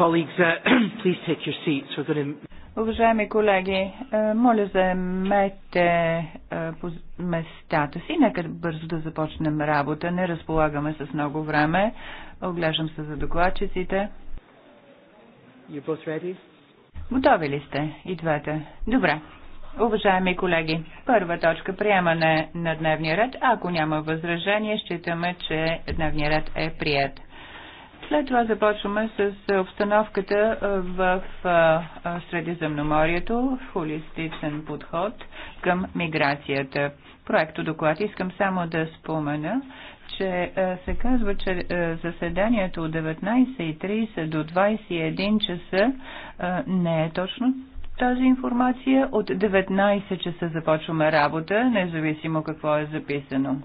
Uh, Уважаеми колеги, е, моля заемете е, местата си. Нека бързо да започнем работа. Не разполагаме с много време. Оглеждам се за докладчиците. Готови ли сте и двете? Добре. Уважаеми колеги, първа точка приемане на дневния ред. Ако няма възражение, считаме, че дневния ред е прият. След това започваме с е, обстановката е, в е, Средиземноморието, холистичен подход към миграцията. Проекто доклад искам само да спомена, че се казва, че заседанието от 19.30 до 21 часа не е точно тази информация. От 19 часа започваме работа, независимо какво е записано.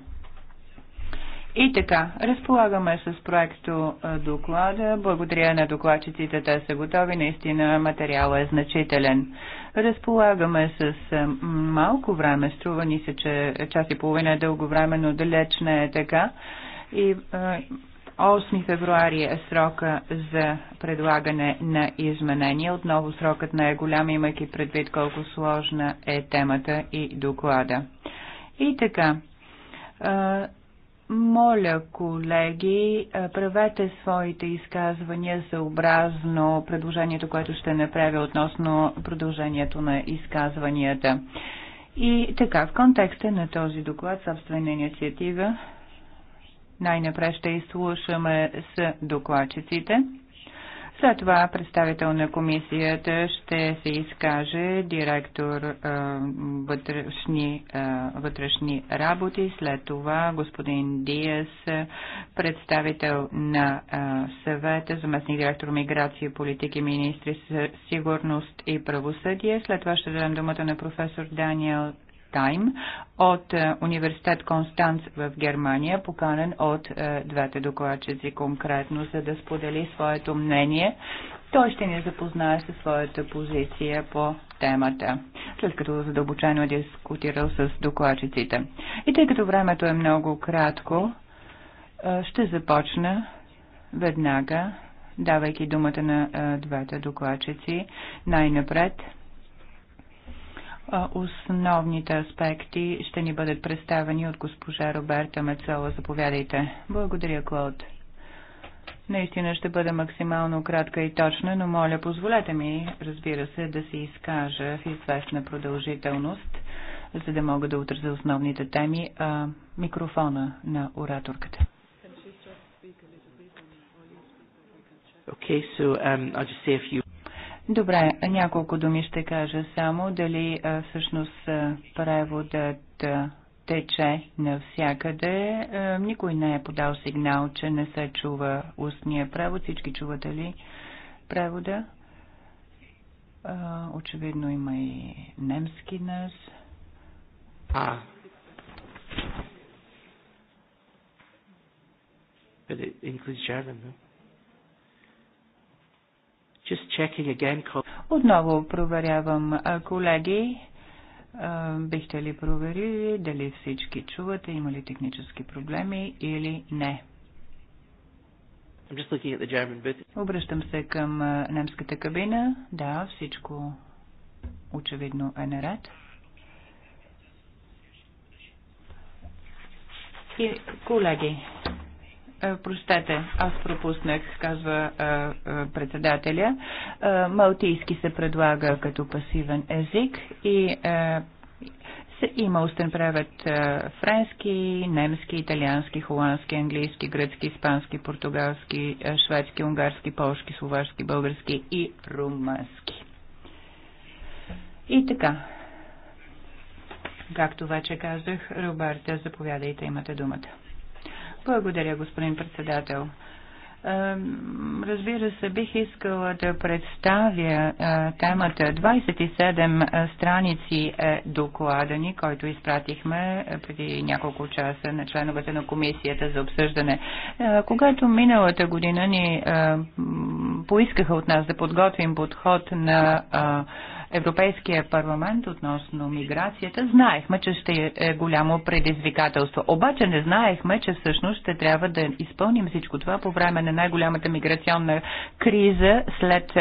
И така, разполагаме с проекто доклада. Благодаря на докладчиците, те са готови. Наистина материалът е значителен. Разполагаме с малко време. Струва ни се, че час и половина е дълго време, но далеч не е така. И 8 февруари е срока за предлагане на изменения. Отново срокът не е голям, имайки предвид колко сложна е темата и доклада. И така, моля, колеги, е, правете своите изказвания съобразно предложението, което ще направя относно продължението на изказванията. И така, в контекста на този доклад, собствена инициатива, най-напред ще изслушаме с докладчиците. След това представител на комисията ще се изкаже директор а, е, вътрешни, а, е, вътрешни работи, след това господин Диас, представител на а, е, съвета, заместник директор миграция, политики, министри, сигурност и правосъдие. След това ще дадем думата на професор Даниел Тайм от е, Университет Констанц в Германия, поканен от е, двете докладчици конкретно, за да сподели своето мнение. Той ще ни запознае със своята позиция по темата, след като задълбочено е дискутирал с докладчиците. И тъй като времето е много кратко, е, ще започна веднага, давайки думата на двете докладчици. Най-напред Основните аспекти ще ни бъдат представени от госпожа Роберта Мецола. Заповядайте. Благодаря, Клод. Наистина ще бъда максимално кратка и точна, но моля, позволете ми, разбира се, да се изкажа в известна продължителност, за да мога да отразя основните теми, а микрофона на ораторката. Okay, so um, I'll just say a few. Добре, няколко думи ще кажа само дали всъщност преводът тече навсякъде. Никой не е подал сигнал, че не се чува устния превод. Всички чувате ли превода? Очевидно има и немски днес. А. But е, е, English German, no? Отново проверявам, колеги. Бихте ли проверили дали всички чувате, има ли технически проблеми или не? Обръщам се към немската кабина. Да, всичко очевидно е наред. И, колеги, е, простете, аз пропуснах, казва е, е, председателя. Малтийски се предлага като пасивен език и има устен превед френски, немски, италиански, холандски, английски, гръцки, испански, португалски, шведски, унгарски, полски, словашки, български и румънски. И така, както вече казах, Роберта, заповядайте, имате думата. Благодаря, господин председател. Разбира се, бих искала да представя темата 27 страници е доклада ни, който изпратихме преди няколко часа на членовете на комисията за обсъждане. Когато миналата година ни поискаха от нас да подготвим подход на Европейския парламент относно миграцията, знаехме, че ще е голямо предизвикателство. Обаче не знаехме, че всъщност ще трябва да изпълним всичко това по време на най-голямата миграционна криза след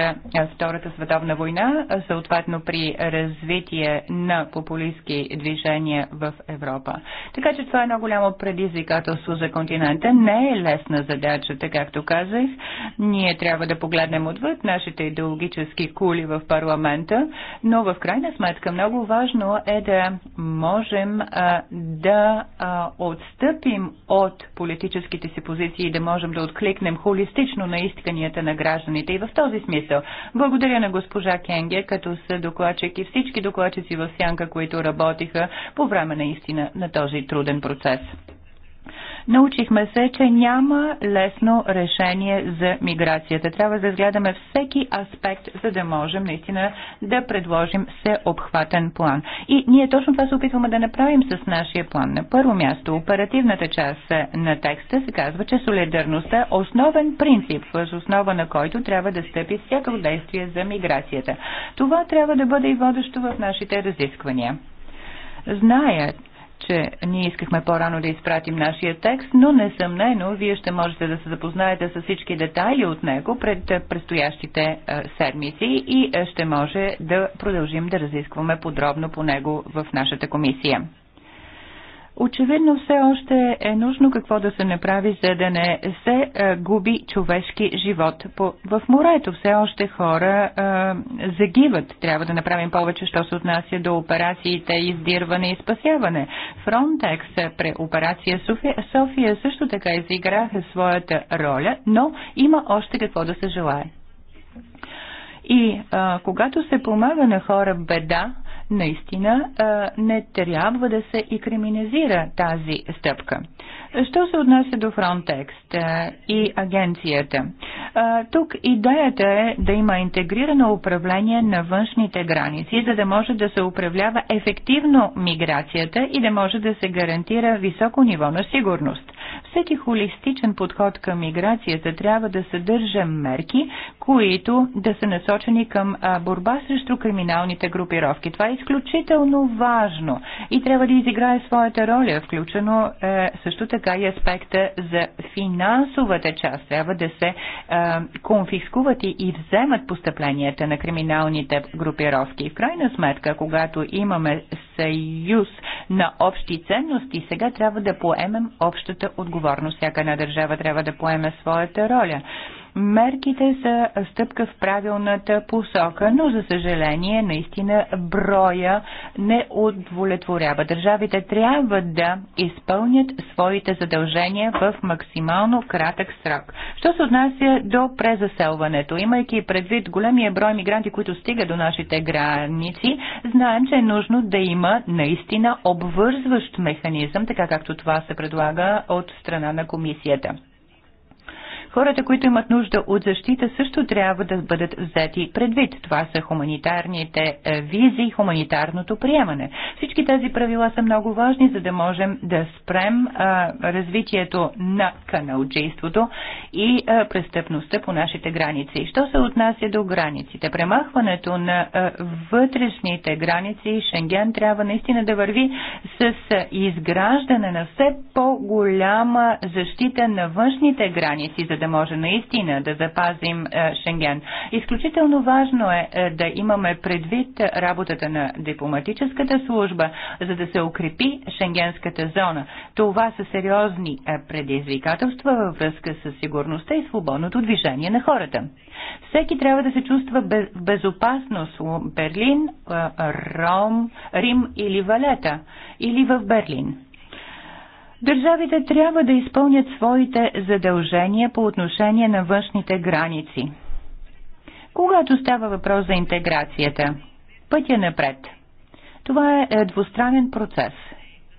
Втората световна война, съответно при развитие на популистски движения в Европа. Така че това е едно голямо предизвикателство за континента. Не е лесна задачата, както казах. Ние трябва да погледнем отвъд нашите идеологически кули в парламента но в крайна сметка много важно е да можем а, да а, отстъпим от политическите си позиции и да можем да откликнем холистично на исканията на гражданите. И в този смисъл благодаря на госпожа Кенге, като са докладчик и всички докладчици в сянка, които работиха по време наистина на този труден процес. Научихме се, че няма лесно решение за миграцията. Трябва да изгледаме всеки аспект, за да можем наистина да предложим всеобхватен план. И ние точно това се опитваме да направим с нашия план. На първо място, оперативната част на текста се казва, че солидарността е основен принцип, въз основа на който трябва да стъпи всяко действие за миграцията. Това трябва да бъде и водещо в нашите разисквания. Знаят, че ние искахме по-рано да изпратим нашия текст, но несъмнено вие ще можете да се запознаете с всички детайли от него пред е, предстоящите е, седмици и е, ще може да продължим да разискваме подробно по него в нашата комисия. Очевидно все още е нужно какво да се направи, за да не се а, е, губи човешки живот. По, в морето все още хора а, е, загиват. Трябва да направим повече, що се отнася до операциите издирване и спасяване. Frontex при операция София, София също така изиграха своята роля, но има още какво да се желае. И а, е, когато се помага на хора беда, наистина не трябва да се и криминизира тази стъпка. Що се отнася до Frontex и агенцията? Тук идеята е да има интегрирано управление на външните граници, за да може да се управлява ефективно миграцията и да може да се гарантира високо ниво на сигурност. Всеки холистичен подход към миграцията трябва да съдържа мерки, които да са насочени към борба срещу криминалните групировки. Това е изключително важно и трябва да изиграе своята роля, включено е, също така и аспекта за финансовата част. Трябва да се конфискуват и, и вземат постъпленията на криминалните групировки. В крайна сметка, когато имаме съюз на общи ценности, сега трябва да поемем общата отговорност. Всяка една държава трябва да поеме своята роля. Мерките са стъпка в правилната посока, но за съжаление наистина броя не удовлетворява. Държавите трябва да изпълнят своите задължения в максимално кратък срок. Що се отнася до презаселването, имайки предвид големия брой мигранти, които стига до нашите граници, знаем, че е нужно да има наистина обвързващ механизъм, така както това се предлага от страна на комисията. Хората, които имат нужда от защита, също трябва да бъдат взети предвид. Това са хуманитарните е, визи, хуманитарното приемане. Всички тези правила са много важни, за да можем да спрем а, е, развитието на каналджейството и а, е, престъпността по нашите граници. Що се отнася до границите? Премахването на а, вътрешните граници Шенген трябва наистина да върви с изграждане на все по-голяма защита на външните граници, за да може наистина да запазим е, Шенген. Изключително важно е, е да имаме предвид работата на дипломатическата служба, за да се укрепи Шенгенската зона. Това са сериозни е, предизвикателства във връзка с сигурността и свободното движение на хората. Всеки трябва да се чувства в безопасност в Берлин, Ром, Рим или Валета или в Берлин. Държавите трябва да изпълнят своите задължения по отношение на външните граници. Когато става въпрос за интеграцията, пътя напред. Това е, е двустранен процес.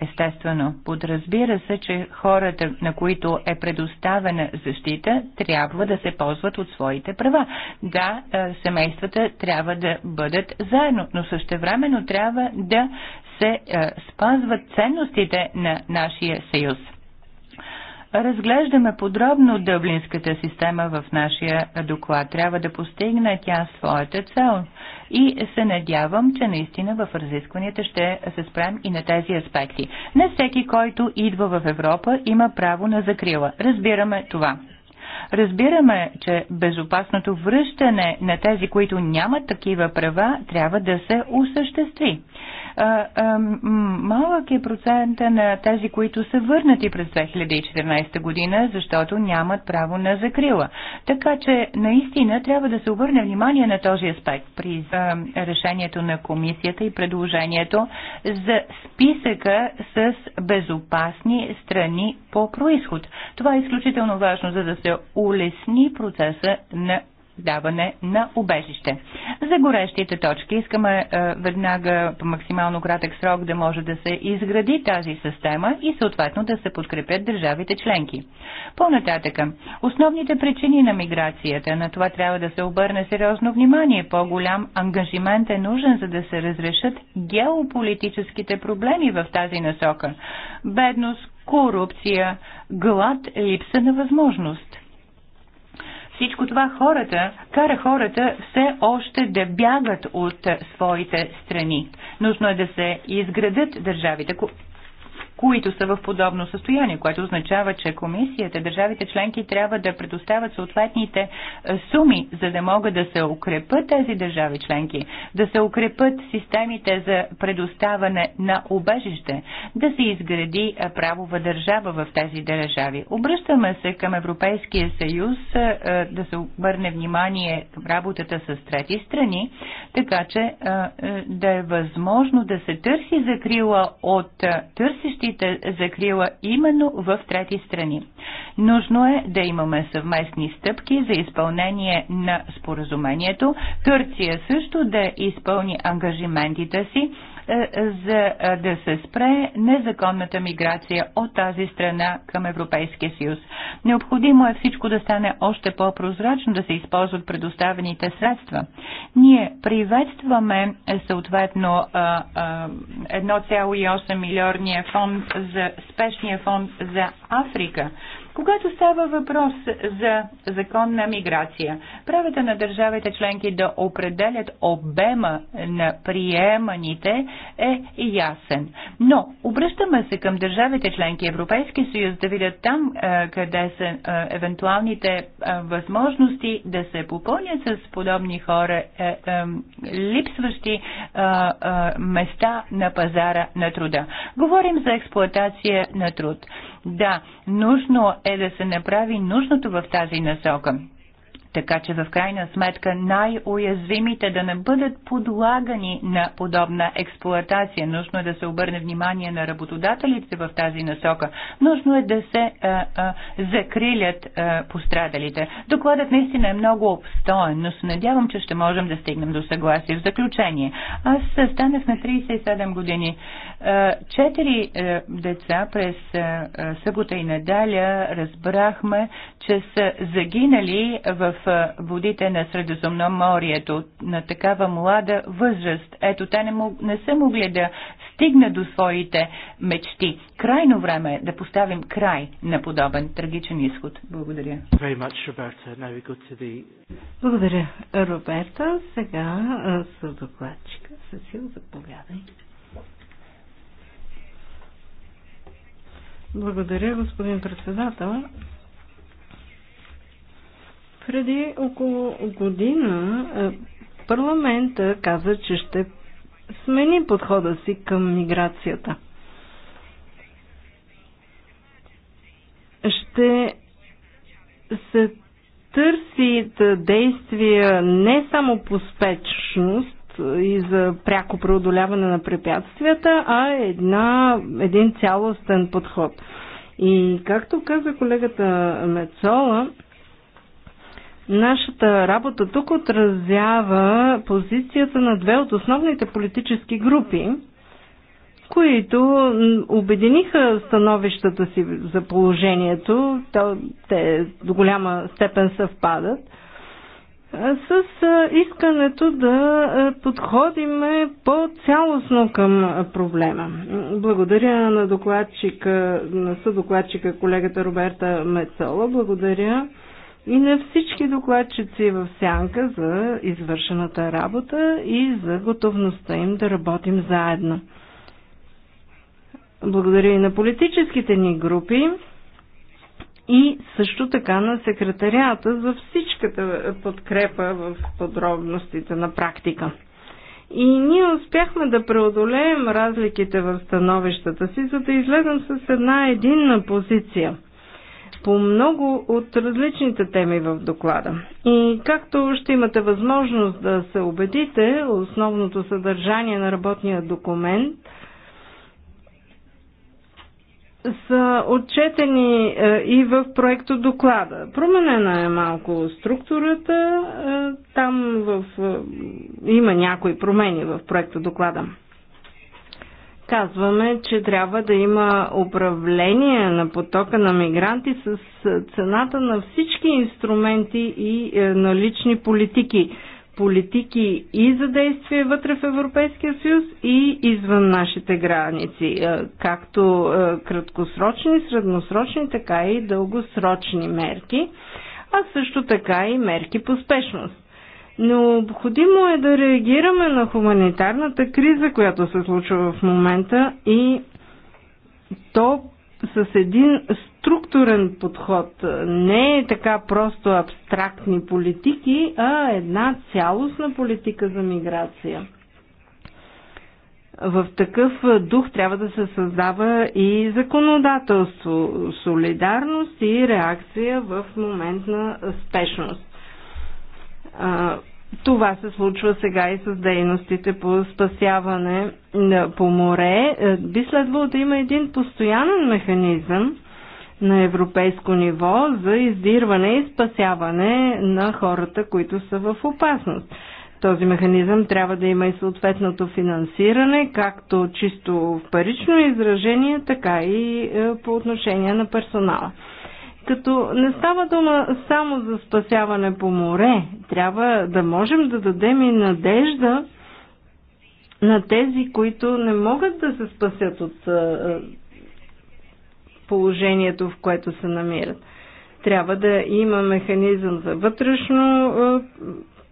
Естествено, подразбира се, че хората, на които е предоставена защита, трябва да се ползват от своите права. Да, е, семействата трябва да бъдат заедно, но същевременно трябва да се е, спазват ценностите на нашия съюз. Разглеждаме подробно дъблинската система в нашия доклад. Трябва да постигне тя своята цел. И се надявам, че наистина в разискванията ще се спрем и на тези аспекти. Не всеки, който идва в Европа, има право на закрила. Разбираме това. Разбираме, че безопасното връщане на тези, които нямат такива права, трябва да се осъществи малък е процента на тези, които са върнати през 2014 година, защото нямат право на закрила. Така че наистина трябва да се обърне внимание на този аспект при решението на комисията и предложението за списъка с безопасни страни по происход. Това е изключително важно, за да се улесни процеса на даване на убежище. За горещите точки искаме е, веднага по максимално кратък срок да може да се изгради тази система и съответно да се подкрепят държавите членки. По-нататъка, основните причини на миграцията, на това трябва да се обърне сериозно внимание, по-голям ангажимент е нужен, за да се разрешат геополитическите проблеми в тази насока. Бедност, корупция, глад, липса на възможност – всичко това хората, кара хората все още да бягат от своите страни. Нужно е да се изградат държавите, които са в подобно състояние, което означава, че комисията, държавите членки трябва да предоставят съответните е, суми, за да могат да се укрепят тези държави членки, да се укрепят системите за предоставане на убежище, да се изгради е, правова държава в тези държави. Обръщаме се към Европейския съюз е, да се обърне внимание в работата с трети страни, така че да е възможно да се търси закрила от търсещи търсите закрила именно в трети страни. Нужно е да имаме съвместни стъпки за изпълнение на споразумението, Турция също да изпълни ангажиментите си е, за е, да се спре незаконната миграция от тази страна към Европейския съюз. Необходимо е всичко да стане още по-прозрачно, да се използват предоставените средства. Ние приветстваме е, съответно 1,8 милиорния фонд за спешния фонд за Африка. Когато става въпрос за законна миграция, правата на държавите членки да определят обема на приеманите е ясен. Но обръщаме се към държавите членки Европейски съюз да видят там е, къде са е, евентуалните е, възможности да се попълнят с подобни хора липсващи места на пазара на труда. Говорим за експлоатация на труд. Да, нужно е да се направи нужното в тази насока така че в крайна сметка най-уязвимите да не бъдат подлагани на подобна експлоатация. Нужно е да се обърне внимание на работодателите в тази насока. Нужно е да се а, а, закрилят а, пострадалите. Докладът наистина е много обстоен, но се надявам, че ще можем да стигнем до съгласие. В заключение, аз станах на 37 години. Четири деца през събота и неделя разбрахме, че са загинали в водите на Средоземноморието, на такава млада възраст. Ето, те не, мог, не са могли да стигнат до своите мечти. Крайно време е да поставим край на подобен трагичен изход. Благодаря. Much, Благодаря, Роберта. Сега с докладчика. Сесил, заповядай. Благодаря, господин председател. Преди около година е, парламента каза, че ще смени подхода си към миграцията. Ще се търсят действия не само по спечност, и за пряко преодоляване на препятствията, а една, един цялостен подход. И както каза колегата Мецола, Нашата работа тук отразява позицията на две от основните политически групи, които обединиха становищата си за положението, те до голяма степен съвпадат, с искането да подходиме по-цялостно към проблема. Благодаря на докладчика, на съдокладчика колегата Роберта Мецола, благодаря и на всички докладчици в сянка за извършената работа и за готовността им да работим заедно. Благодаря и на политическите ни групи и също така на секретарията за всичката подкрепа в подробностите на практика. И ние успяхме да преодолеем разликите в становищата си, за да излезем с една единна позиция – по много от различните теми в доклада. И както ще имате възможност да се убедите, основното съдържание на работния документ са отчетени е, и в проекто доклада. Променена е малко структурата, е, там в, има някои промени в проекто доклада казваме, че трябва да има управление на потока на мигранти с е, цената на всички инструменти и е, налични политики. Политики и за действие вътре в Европейския съюз и извън нашите граници, е, както краткосрочни, средносрочни, така и дългосрочни мерки, а също така и мерки по спешност необходимо е да реагираме на хуманитарната криза, която се случва в момента и то с един структурен подход. Не е така просто абстрактни политики, а една цялостна политика за миграция. В такъв дух трябва да се създава и законодателство, солидарност и реакция в момент на спешност това се случва сега и с дейностите по спасяване по море. Е, би следвало да има един постоянен механизъм на европейско ниво за издирване и спасяване на хората, които са в опасност. Този механизъм трябва да има и съответното финансиране, както чисто в парично изражение, така и е, по отношение на персонала. Като не става дума само за спасяване по море, трябва да можем да дадем и надежда на тези, които не могат да се спасят от положението, в което се намират. Трябва да има механизъм за вътрешно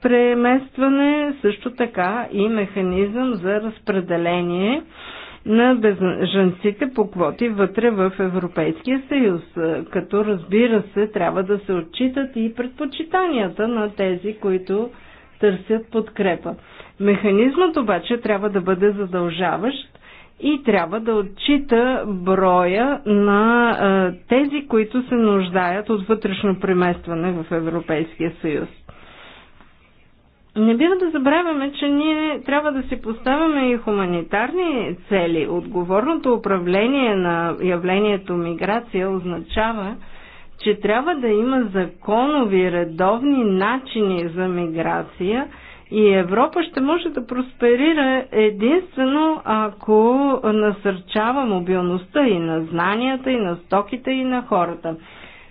преместване, също така и механизъм за разпределение на бежанците по квоти вътре в Европейския съюз, като разбира се трябва да се отчитат и предпочитанията на тези, които търсят подкрепа. Механизмът обаче трябва да бъде задължаващ и трябва да отчита броя на тези, които се нуждаят от вътрешно преместване в Европейския съюз. Не бива да забравяме, че ние трябва да си поставяме и хуманитарни цели. Отговорното управление на явлението миграция означава, че трябва да има законови, редовни начини за миграция и Европа ще може да просперира единствено ако насърчава мобилността и на знанията, и на стоките, и на хората.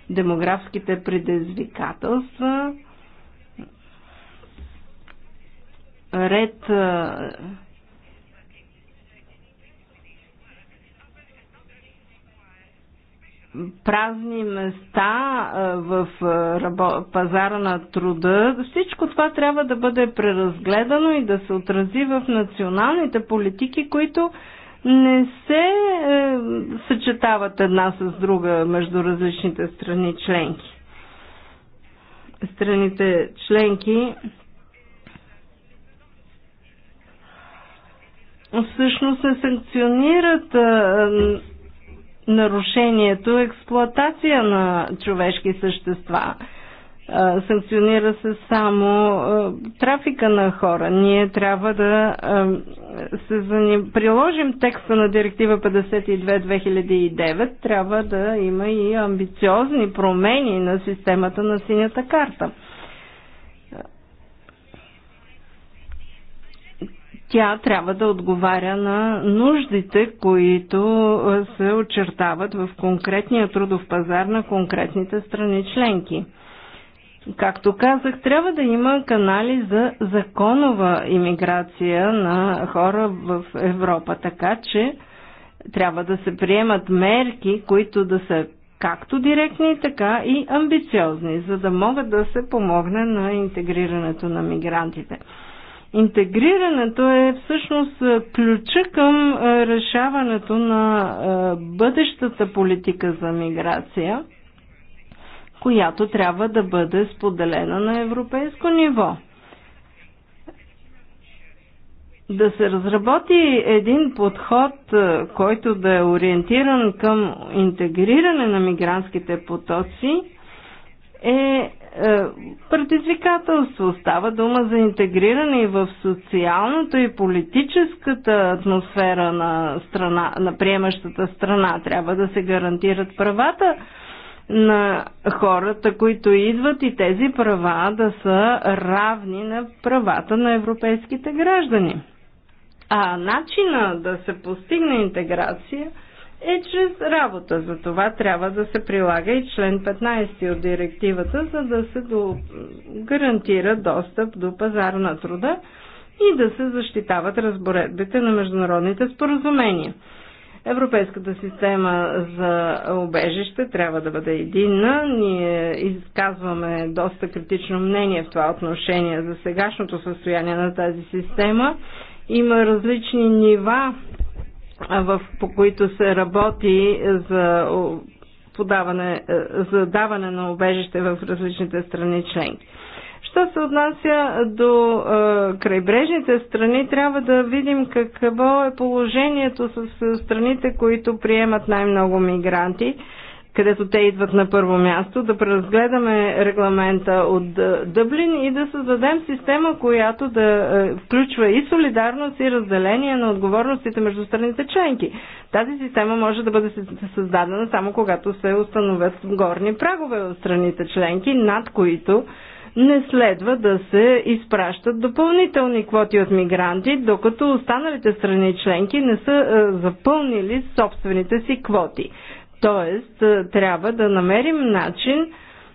Демографските предизвикателства – ред празни места в пазара на труда, всичко това трябва да бъде преразгледано и да се отрази в националните политики, които не се е, съчетават една с друга между различните страни членки. Страните членки всъщност се санкционират нарушението експлоатация на човешки същества. Санкционира се само трафика на хора. Ние трябва да се заним... приложим текста на директива 52-2009. Трябва да има и амбициозни промени на системата на синята карта. тя трябва да отговаря на нуждите, които е, се очертават в конкретния трудов пазар на конкретните страни членки. Както казах, трябва да има канали за законова иммиграция на хора в Европа, така че трябва да се приемат мерки, които да са както директни, така и амбициозни, за да могат да се помогне на интегрирането на мигрантите. Интегрирането е всъщност е, ключа към е, решаването на е, бъдещата политика за миграция, която трябва да бъде споделена на европейско ниво да се разработи един подход, който да е ориентиран към интегриране на мигрантските потоци, е, е предизвикателство. Става дума за интегриране и в социалната и политическата атмосфера на, страна, на приемащата страна. Трябва да се гарантират правата на хората, които идват и тези права да са равни на правата на европейските граждани. А начина да се постигне интеграция – е чрез работа. За това трябва да се прилага и член 15 от директивата, за да се до... гарантира достъп до пазара на труда и да се защитават разборедбите на международните споразумения. Европейската система за обежище трябва да бъде единна. Ние изказваме доста критично мнение в това отношение за сегашното състояние на тази система. Има различни нива в, по които се работи за подаване, е, за даване на обежище в различните страни членки. Що се отнася до е, крайбрежните страни, трябва да видим какво е положението с е, страните, които приемат най-много мигранти. Е, където те идват на първо място, да преразгледаме регламента от Дъблин и да създадем система, която да е, включва и солидарност и разделение на отговорностите между страните членки. Тази система може да бъде създадена само когато се установят горни прагове от страните членки, над които не следва да се изпращат допълнителни квоти от мигранти, докато останалите страни членки не са е, запълнили собствените си квоти. Тоест, е, трябва да намерим начин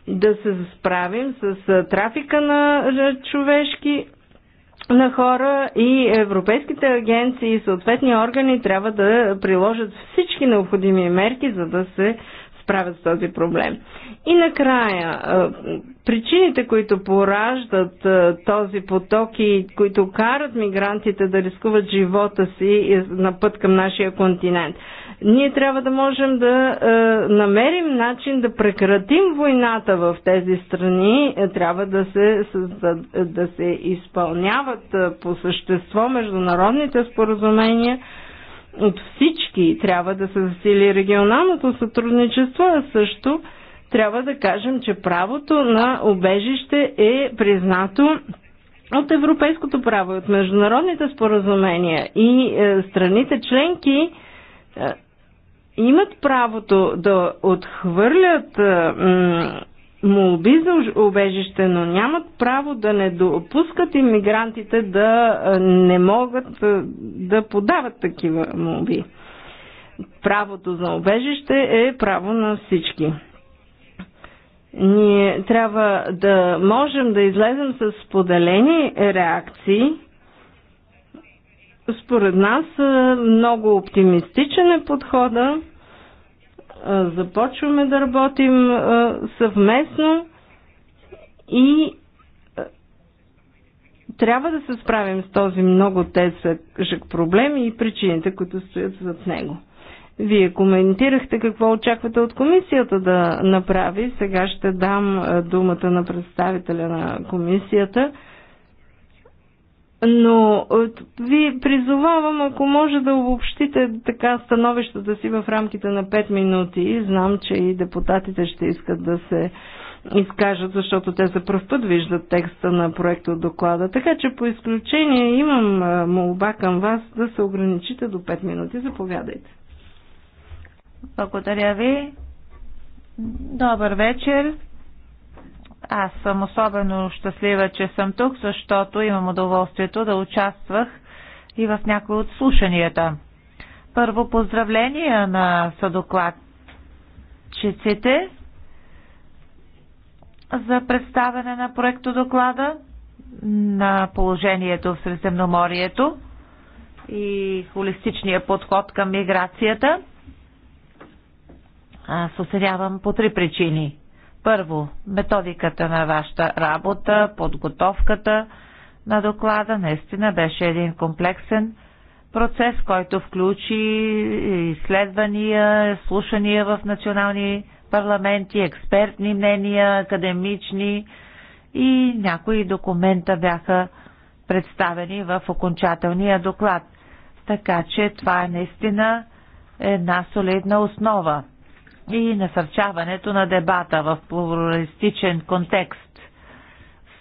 да се справим с е, трафика на е, човешки на хора и европейските агенции и съответни органи трябва да приложат всички необходими мерки, за да се справят с този проблем. И накрая, причините, които пораждат този поток и които карат мигрантите да рискуват живота си на път към нашия континент – ние трябва да можем да е, намерим начин да прекратим войната в тези страни. Трябва да се, да, да се изпълняват е, по същество международните споразумения от всички. Трябва да се засили регионалното сътрудничество, а също трябва да кажем, че правото на обежище е признато от европейското право и от международните споразумения и е, страните членки е, имат правото да отхвърлят молби за обежище, но нямат право да не допускат иммигрантите да не могат да подават такива молби. Правото за обежище е право на всички. Ние трябва да можем да излезем с поделени реакции – според нас е, много оптимистичен е подхода. Е, започваме да работим е, съвместно и трябва да се справим с този много тесък проблем и причините, които стоят зад него. Вие коментирахте какво очаквате от комисията да направи. Сега ще дам думата на представителя на комисията. Но е, ви призовавам, ако може да обобщите така становищата си в рамките на 5 минути. Знам, че и депутатите ще искат да се изкажат, защото те за пръв път виждат текста на проекта от доклада. Така че по изключение имам е, молба към вас да се ограничите до 5 минути. Заповядайте. Благодаря ви. Добър вечер. Аз съм особено щастлива, че съм тук, защото имам удоволствието да участвах и в някои от слушанията. Първо поздравления на съдокладчиците за представяне на проекто доклада на положението в Средиземноморието и холистичния подход към миграцията. Аз оценявам по три причини. Първо, методиката на вашата работа, подготовката на доклада наистина беше един комплексен процес, който включи изследвания, слушания в национални парламенти, експертни мнения, академични и някои документа бяха представени в окончателния доклад. Така че това е наистина една солидна основа и насърчаването на дебата в плуралистичен контекст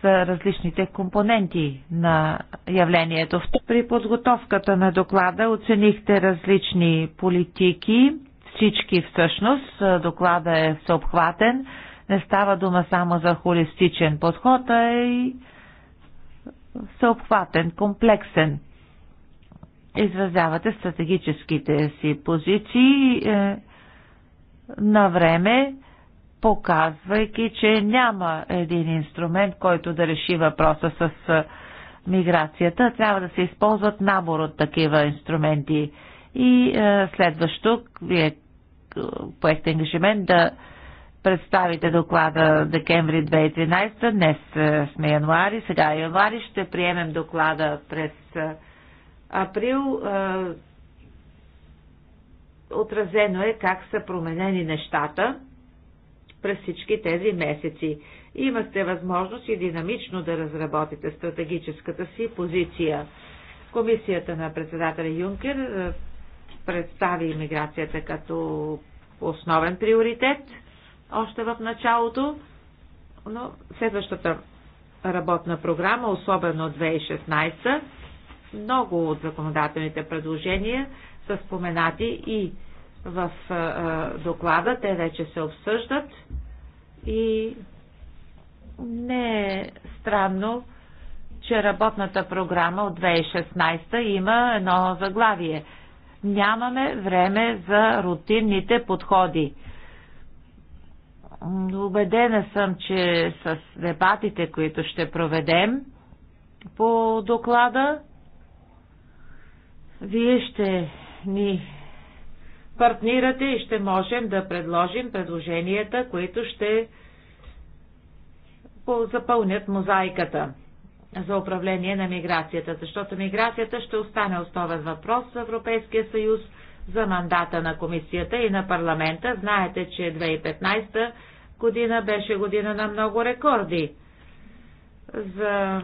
с различните компоненти на явлението. При подготовката на доклада оценихте различни политики, всички всъщност. Доклада е съобхватен, Не става дума само за холистичен подход, а е и съобхватен, комплексен изразявате стратегическите си позиции, е, на време, показвайки, че няма един инструмент, който да реши въпроса с миграцията. Трябва да се използват набор от такива инструменти. И е, следващо, вие поехте ангажимент да представите доклада декември 2013, днес сме януари, сега е януари, ще приемем доклада през април отразено е как са променени нещата през всички тези месеци. Имахте възможност и динамично да разработите стратегическата си позиция. Комисията на председателя Юнкер е, представи иммиграцията като основен приоритет още в началото, но следващата работна програма, особено 2016, много от законодателните предложения са споменати и в доклада. Те вече се обсъждат и не е странно, че работната програма от 2016 има едно заглавие. Нямаме време за рутинните подходи. Убедена съм, че с дебатите, които ще проведем по доклада, вие ще ни партнирате и ще можем да предложим предложенията, които ще запълнят мозайката за управление на миграцията, защото миграцията ще остане основен въпрос в Европейския съюз за мандата на комисията и на парламента. Знаете, че 2015 година беше година на много рекорди за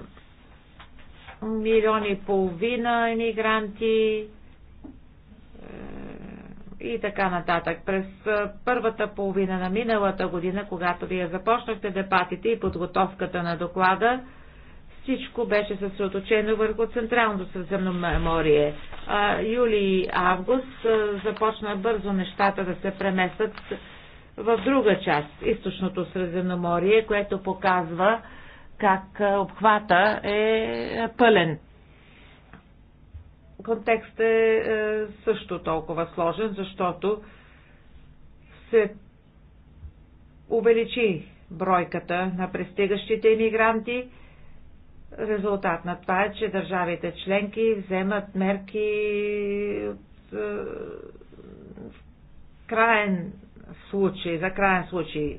милион и половина емигранти е, и така нататък. През е, първата половина на миналата година, когато вие започнахте дебатите и подготовката на доклада, всичко беше съсредоточено върху Централното море. Юли и август е, започна бързо нещата да се преместят в друга част, източното Средиземноморие, което показва, как обхвата е, е пълен. Контекстът е, е също толкова сложен, защото се увеличи бройката на пристигащите иммигранти. Резултат на това е, че държавите членки вземат мерки от, е, в краен случай, за краен случай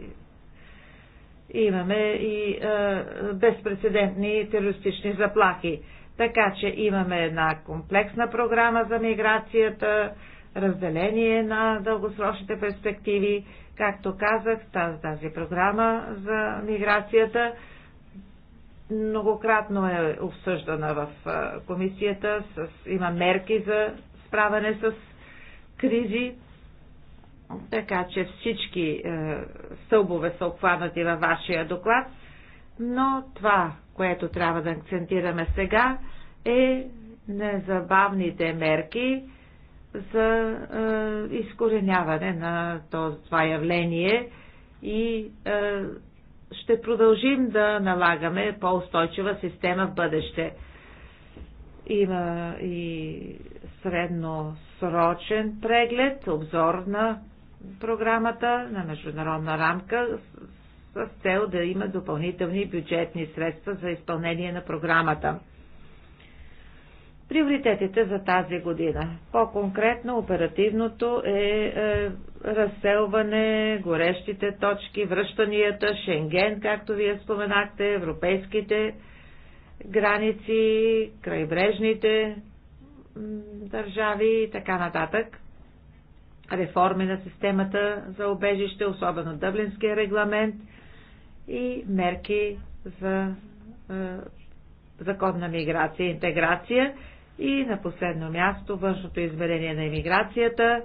имаме и е, безпредседентни терористични заплахи. Така че имаме една комплексна програма за миграцията, разделение на дългосрочните перспективи. Както казах, тази програма за миграцията многократно е обсъждана в е, комисията, с, има мерки за справяне с кризи така че всички е, стълбове са обхванати във вашия доклад, но това, което трябва да акцентираме сега, е незабавните мерки за е, изкореняване на този, това явление и е, ще продължим да налагаме по-устойчива система в бъдеще. Има и средносрочен преглед, обзор на програмата на международна рамка с, с цел да има допълнителни бюджетни средства за изпълнение на програмата. Приоритетите за тази година. По-конкретно оперативното е, е разселване, горещите точки, връщанията, Шенген, както вие споменахте, европейските граници, крайбрежните държави и така нататък реформи на системата за обежище, особено Дъблинския регламент и мерки за е, законна миграция и интеграция. И на последно място външното измерение на иммиграцията.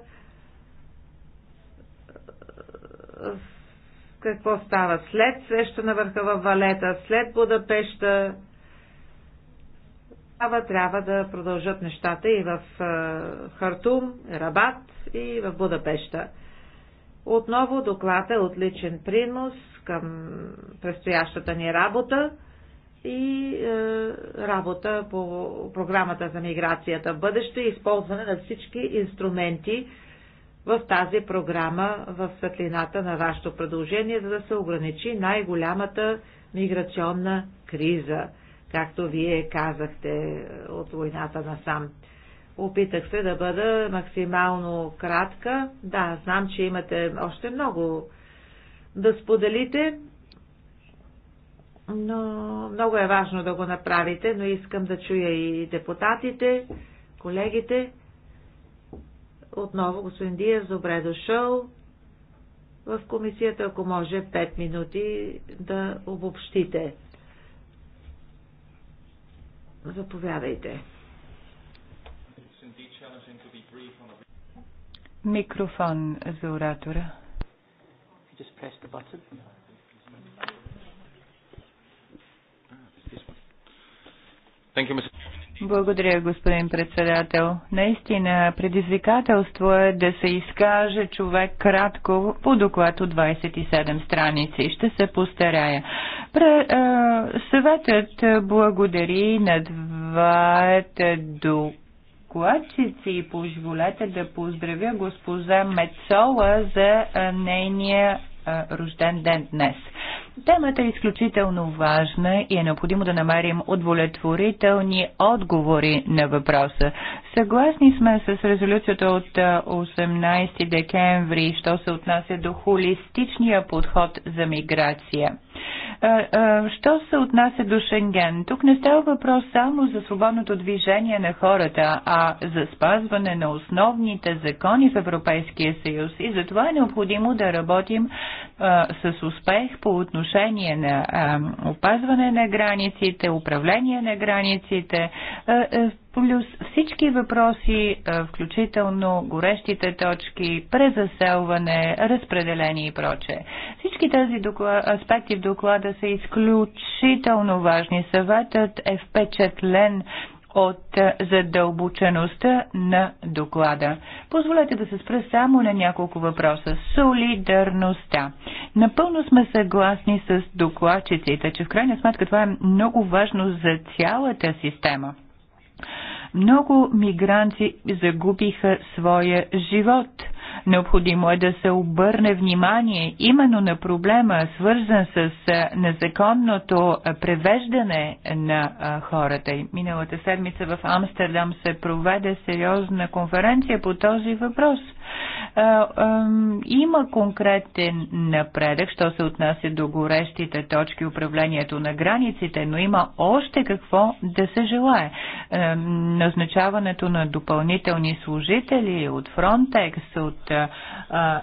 Какво става след среща на върха в Валета, след Будапешта, тогава трябва да продължат нещата и в е, Хартум, Рабат и в Будапешта. Отново доклад е отличен принос към предстоящата ни работа и е, работа по програмата за миграцията в бъдеще и използване на всички инструменти в тази програма в светлината на вашето предложение, за да се ограничи най-голямата миграционна криза както вие казахте е, от войната насам. Опитах се да бъда максимално кратка. Да, знам, че имате още много да споделите, но много е важно да го направите, но искам да чуя и депутатите, колегите. Отново, господин Диев, добре дошъл в комисията, ако може 5 минути да обобщите. Заповядайте. Микрофон за оратора. Благодаря, господин председател. Наистина, предизвикателство е да се изкаже човек кратко по доклад от 27 страници. Ще се постарая. Съветът благодари на двата докладчици и позволете да поздравя госпожа Мецола за нейния рожден ден днес. Темата е изключително важна и е необходимо да намерим удовлетворителни отговори на въпроса. Съгласни сме с резолюцията от 18 декември, що се отнася до холистичния подход за миграция. Е, е, що се отнася до Шенген? Тук не става въпрос само за свободното движение на хората, а за спазване на основните закони в Европейския съюз. И затова е необходимо да работим а, е, с успех по отношение на а, опазване на границите, управление на границите. А, плюс всички въпроси, е, включително горещите точки, презаселване, разпределение и прочее. Всички тези аспекти в доклада са изключително важни. Съветът е впечатлен от е, задълбочеността на доклада. Позволете да се спра само на няколко въпроса. Солидарността. Напълно сме съгласни с докладчиците, че в крайна сметка това е много важно за цялата система – много мигранти загубиха своя живот – Необходимо е да се обърне внимание именно на проблема, свързан с незаконното превеждане на хората. Миналата седмица в Амстердам се проведе сериозна конференция по този въпрос. Има конкретен напредък, що се отнася до горещите точки управлението на границите, но има още какво да се желае. Назначаването на допълнителни служители от Frontex, от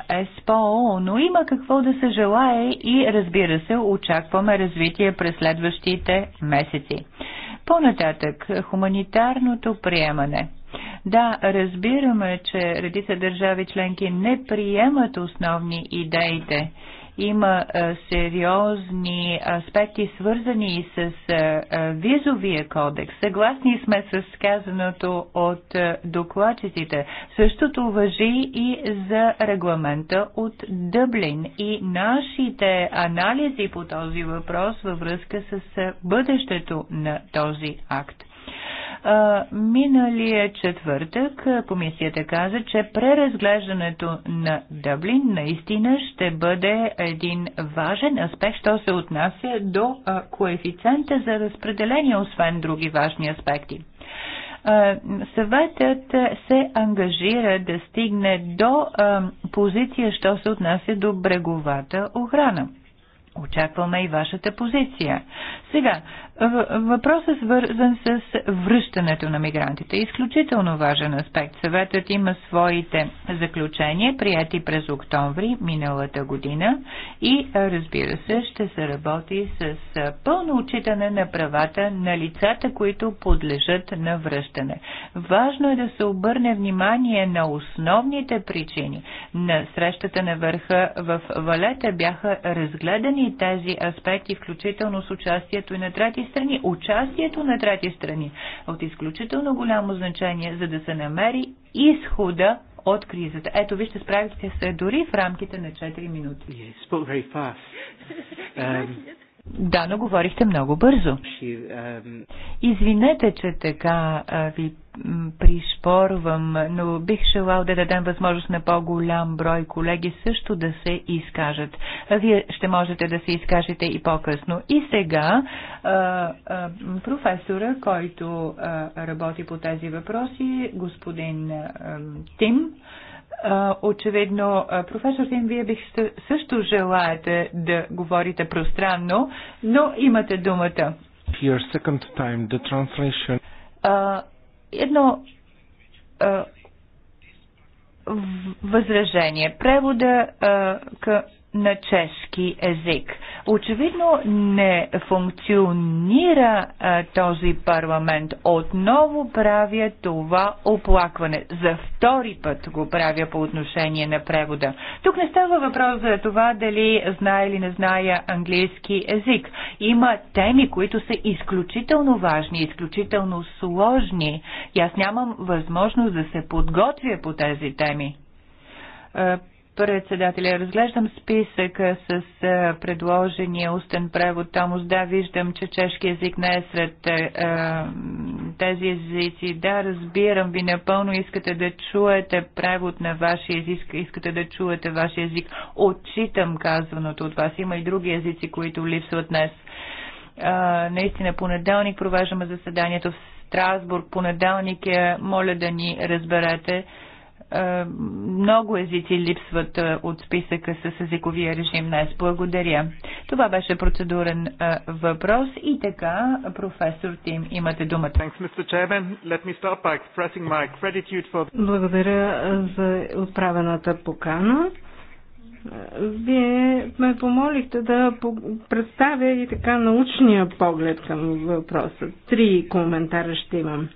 ЕСПО, но има какво да се желае и разбира се, очакваме развитие през следващите месеци. По-нататък, хуманитарното приемане. Да, разбираме, че редица държави членки не приемат основни идеите има е, сериозни аспекти, свързани и с е, е, визовия кодекс. Съгласни сме с казаното от докладчиците. Същото въжи и за регламента от Дъблин и нашите анализи по този въпрос във връзка с бъдещето на този акт. Миналия четвъртък комисията каза, че преразглеждането на Дъблин наистина ще бъде един важен аспект, що се отнася до коефициента за разпределение, освен други важни аспекти съветът се ангажира да стигне до позиция, що се отнася до бреговата охрана. Очакваме и вашата позиция. Сега, въпросът е свързан с връщането на мигрантите. Изключително важен аспект. Съветът има своите заключения, прияти през октомври миналата година и разбира се, ще се работи с пълно отчитане на правата на лицата, които подлежат на връщане. Важно е да се обърне внимание на основните причини. На срещата на върха в Валета бяха разгледани обсъдени тези аспекти, включително с участието и на трети страни. Участието на трети страни е от изключително голямо значение, за да се намери изхода от кризата. Ето, вижте, справихте се дори в рамките на 4 минути. Um, да, но говорихте много бързо. Um, Извинете, че така ви пришпорвам, но бих желал да дадем възможност на по-голям брой колеги също да се изкажат. Вие ще можете да се изкажете и по-късно. И сега професора, който работи по тези въпроси, господин Тим, Очевидно, професор Тим, вие бих също желаете да говорите пространно, но имате думата. Here, second time, the translation едно възражение. Превода на чешки език. Очевидно не функционира а, този парламент. Отново правя това оплакване. За втори път го правя по отношение на превода. Тук не става въпрос за това дали знае или не зная английски език. Има теми, които са изключително важни, изключително сложни. И аз нямам възможност да се подготвя по тези теми председателя. Разглеждам списък с е, предложения устен превод Томос. Да, виждам, че чешки език не е сред е, е, тези езици. Да, разбирам ви напълно. Искате да чуете превод на вашия език, искате да чуете вашия език. Отчитам казваното от вас. Има и други езици, които липсват днес. наистина, понеделник провеждаме заседанието в Страсбург. Понеделник е, моля да ни разберете. Е, много езици липсват е, от списъка с езиковия режим днес. Благодаря. Това беше процедурен е, въпрос и така, професор Тим, имате думата. Благодаря за отправената покана. Вие ме помолихте да представя и така научния поглед към въпроса. Три коментара ще имам.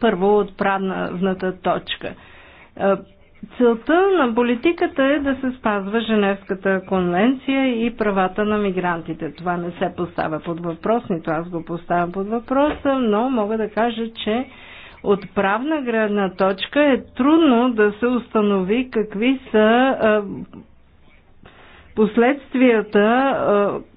Първо от правната точка – е, целта на политиката е да се спазва Женевската конвенция и правата на мигрантите. Това не се поставя под въпрос, нито аз го поставям под въпроса, но мога да кажа, че от правна гледна точка е трудно да се установи какви са е, последствията е,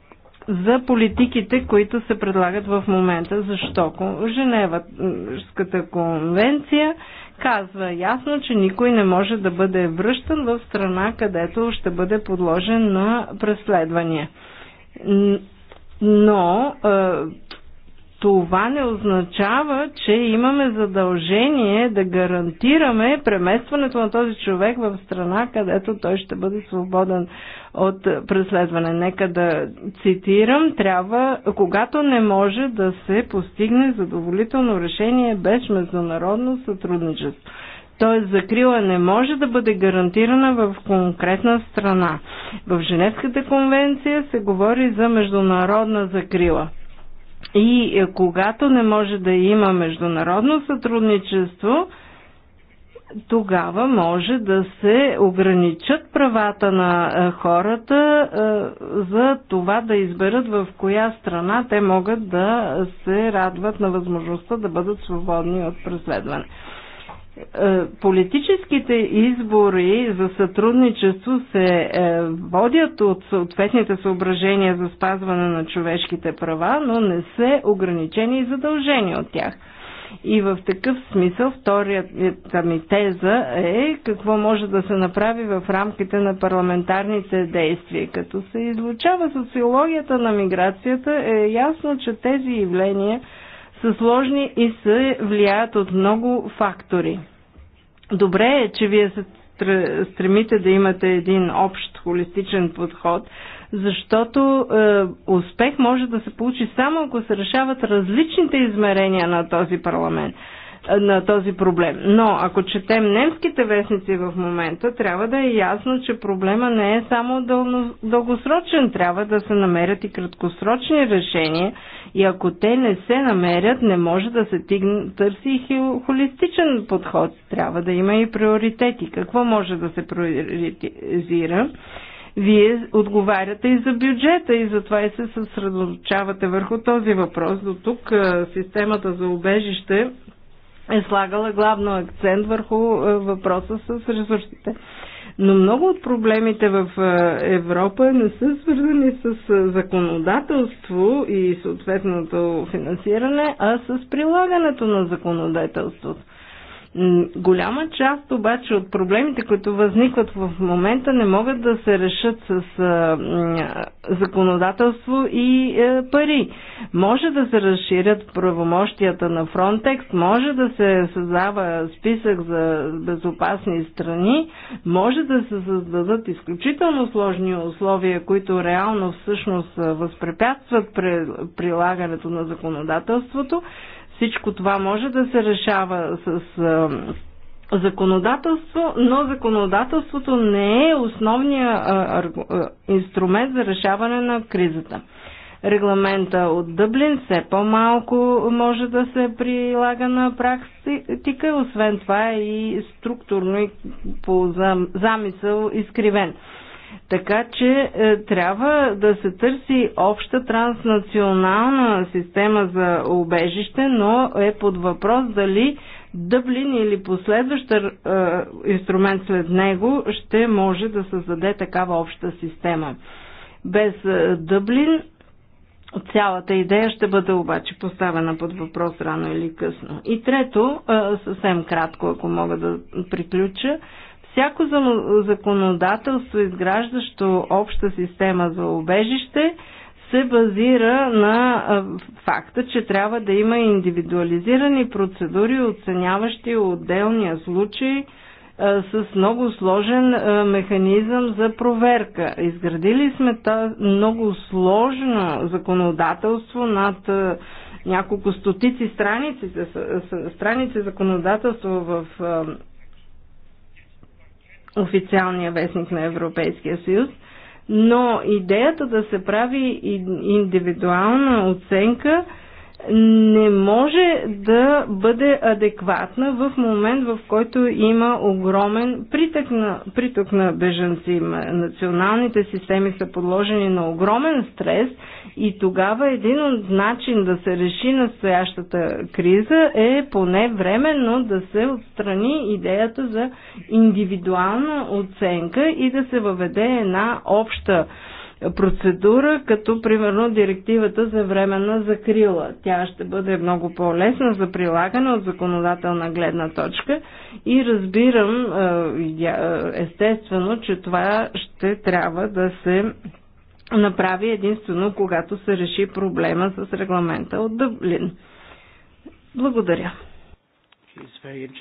за политиките, които се предлагат в момента. Защо? Женевската конвенция казва ясно, че никой не може да бъде връщан в страна, където ще бъде подложен на преследвания. Но е, това не означава, че имаме задължение да гарантираме преместването на този човек в страна, където той ще бъде свободен от преследване. Нека да цитирам, трябва, когато не може да се постигне задоволително решение без международно сътрудничество. Т.е. закрила не може да бъде гарантирана в конкретна страна. В Женевската конвенция се говори за международна закрила. И е, когато не може да има международно сътрудничество, тогава може да се ограничат правата на е, хората е, за това да изберат в коя страна те могат да се радват на възможността да бъдат свободни от преследване. Е, политическите избори за сътрудничество се е, водят от съответните съображения за спазване на човешките права, но не са ограничени и задължени от тях. И в такъв смисъл вторията ми теза е какво може да се направи в рамките на парламентарните действия. Като се излучава социологията на миграцията, е ясно, че тези явления – са сложни и се влияят от много фактори. Добре е, че вие се стремите да имате един общ холистичен подход, защото е, успех може да се получи само ако се решават различните измерения на този парламент е, на този проблем. Но ако четем немските вестници в момента, трябва да е ясно, че проблема не е само дългосрочен. Трябва да се намерят и краткосрочни решения, и ако те не се намерят, не може да се тигне, търси холистичен подход. Трябва да има и приоритети. Какво може да се приоритизира? Вие отговаряте и за бюджета и затова и се съсредоточавате върху този въпрос. До тук системата за убежище е слагала главно акцент върху е, въпроса с ресурсите. Но много от проблемите в е, Европа не са свързани с е, законодателство и съответното финансиране, а с прилагането на законодателството. Голяма част обаче от проблемите, които възникват в момента, не могат да се решат с а, законодателство и а, е, пари. Може да се разширят правомощията на Фронтекс, може да се създава списък за безопасни страни, може да се създадат изключително сложни условия, които реално всъщност възпрепятстват прилагането на законодателството, всичко това може да се решава с законодателство, но законодателството не е основният инструмент за решаване на кризата. Регламента от Дъблин все по-малко може да се прилага на практика, освен това е и структурно и по замисъл изкривен. Така че е, трябва да се търси обща транснационална система за убежище, но е под въпрос дали Дъблин или последващ е, инструмент след него ще може да създаде такава обща система. Без е, Дъблин цялата идея ще бъде обаче поставена под въпрос рано или късно. И трето, е, съвсем кратко, ако мога да приключа, Всяко законодателство, изграждащо обща система за обежище, се базира на факта, че трябва да има индивидуализирани процедури, оценяващи отделния случай с много сложен механизъм за проверка. Изградили сме много сложно законодателство над няколко стотици страници, страници законодателство в официалния вестник на Европейския съюз, но идеята да се прави индивидуална оценка – не може да бъде адекватна в момент, в който има огромен притък на, приток на бежанци. Националните системи са подложени на огромен стрес и тогава един от начин да се реши настоящата криза е поне временно да се отстрани идеята за индивидуална оценка и да се въведе една обща процедура, като примерно директивата за временна закрила. Тя ще бъде много по-лесна за прилагане от законодателна гледна точка и разбирам е, е, естествено, че това ще трябва да се направи единствено, когато се реши проблема с регламента от Дъблин. Благодаря. Well, very...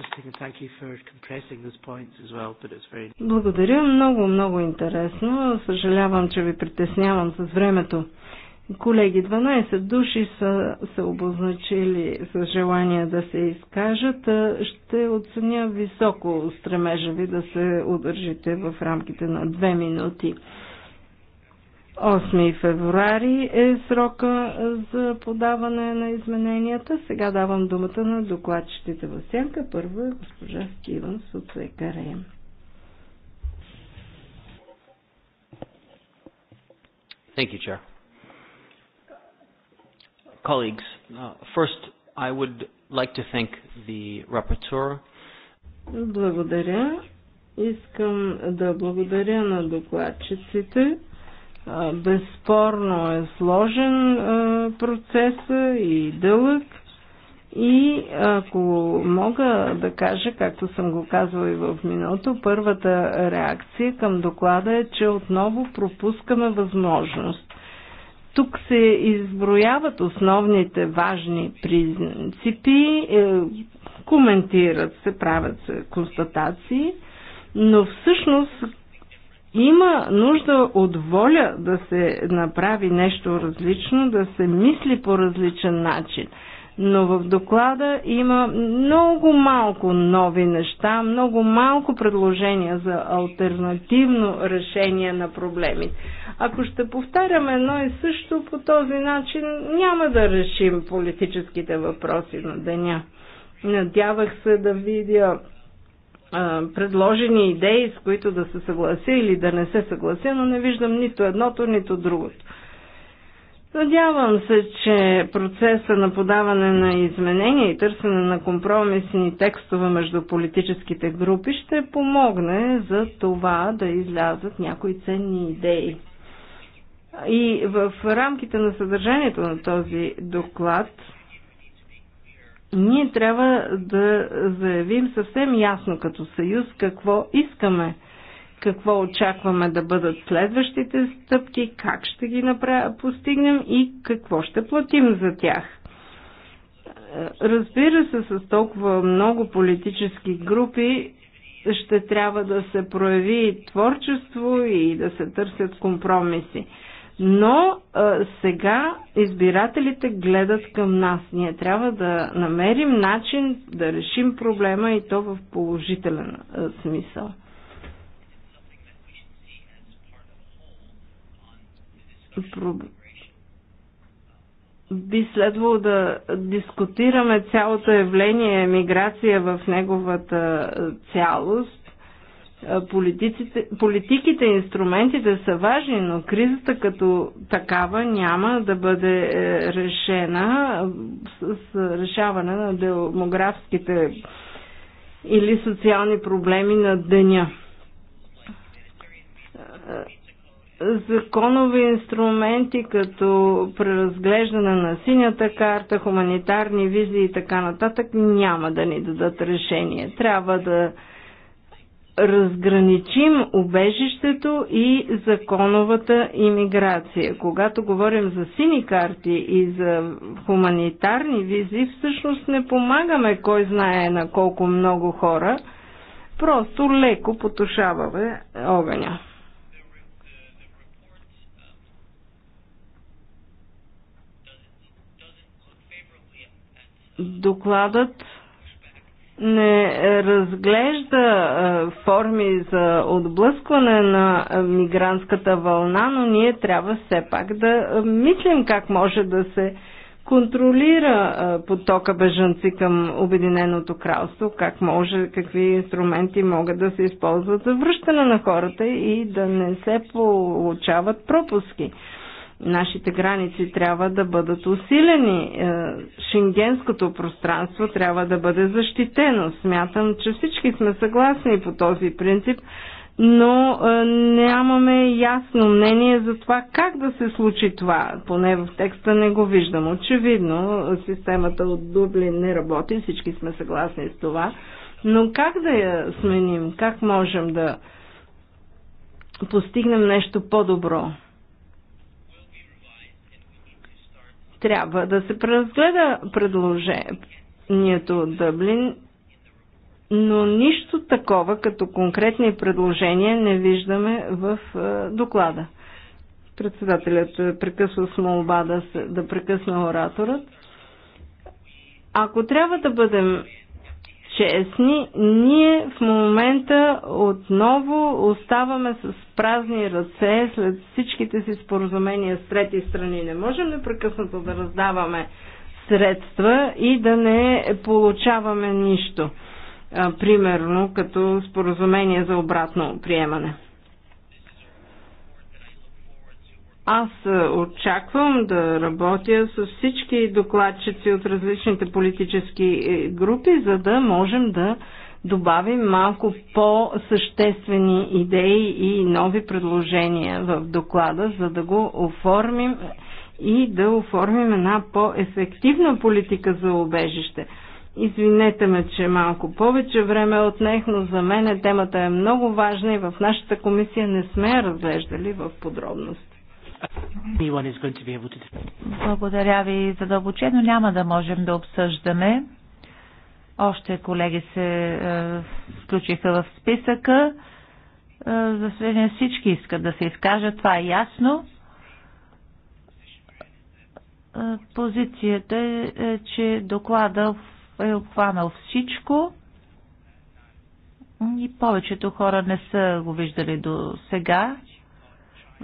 Благодаря, много, много интересно. Съжалявам, че ви притеснявам с времето. Колеги, 12 души са се обозначили с желание да се изкажат. Ще оценя високо стремежа ви да се удържите в рамките на две минути. 8 февруари е срока за подаване на измененията. Сега давам думата на докладчетите в сянка. Първо е госпожа Стиван Суцекаре. Thank you, Chair. Colleagues, uh, first I would like to thank the rapporteur. Благодаря. Искам да благодаря на докладчиците Безспорно е сложен процес и дълъг. И ако мога да кажа, както съм го казвала и в миналото, първата реакция към доклада е, че отново пропускаме възможност. Тук се изброяват основните важни принципи, е, коментират се, правят се констатации, но всъщност има нужда от воля да се направи нещо различно, да се мисли по различен начин. Но в доклада има много малко нови неща, много малко предложения за альтернативно решение на проблемите. Ако ще повтаряме едно и също, по този начин няма да решим политическите въпроси на деня. Надявах се да видя предложени идеи, с които да се съглася или да не се съгласи, но не виждам нито едното, нито другото. Надявам се, че процеса на подаване на изменения и търсене на компромисни текстове между политическите групи ще помогне за това да излязат някои ценни идеи. И в рамките на съдържанието на този доклад ние трябва да заявим съвсем ясно като съюз какво искаме, какво очакваме да бъдат следващите стъпки, как ще ги направя, постигнем и какво ще платим за тях. Разбира се, с толкова много политически групи ще трябва да се прояви творчество и да се търсят компромиси. Но а, сега избирателите гледат към нас. Ние трябва да намерим начин да решим проблема и то в положителен а, смисъл. Про... би следвало да дискутираме цялото явление миграция в неговата цялост Политиците, политиките, инструментите са важни, но кризата като такава няма да бъде е, решена с решаване на демографските или социални проблеми на деня. Законови инструменти като преразглеждане на синята карта, хуманитарни визи и така нататък няма да ни дадат решение. Трябва да разграничим убежището и законовата иммиграция. Когато говорим за сини карти и за хуманитарни визи, всъщност не помагаме кой знае на колко много хора, просто леко потушаваме огъня. Докладът не разглежда форми за отблъскване на мигрантската вълна, но ние трябва все пак да мислим как може да се контролира потока бежанци към Обединеното кралство, как може, какви инструменти могат да се използват за връщане на хората и да не се получават пропуски. Нашите граници трябва да бъдат усилени. Е, Шенгенското пространство трябва да бъде защитено. Смятам, че всички сме съгласни по този принцип, но е, нямаме ясно мнение за това как да се случи това. Поне в текста не го виждам. Очевидно, системата от Дублин не работи, всички сме съгласни с това. Но как да я сменим? Как можем да постигнем нещо по-добро? Трябва да се преразгледа предложението от Дъблин, но нищо такова като конкретни предложения не виждаме в е, доклада. Председателят е прекъсва с молба да, се, да прекъсна ораторът. Ако трябва да бъдем честни, ние в момента отново оставаме с празни ръце след всичките си споразумения с трети страни. Не можем непрекъснато да раздаваме средства и да не получаваме нищо. Примерно като споразумение за обратно приемане. Аз е, очаквам да работя с всички докладчици от различните политически е, групи, за да можем да добавим малко по-съществени идеи и нови предложения в доклада, за да го оформим и да оформим една по-ефективна политика за обежище. Извинете ме, че малко повече време отнех, но за мен темата е много важна и в нашата комисия не сме я разглеждали в подробност. Благодаря ви задълбочено. Няма да можем да обсъждаме. Още колеги се е, включиха в списъка. Е, за съжаление всички искат да се изкажат, това е ясно. Е, позицията е, е, че доклада е обхванал всичко и повечето хора не са го виждали до сега.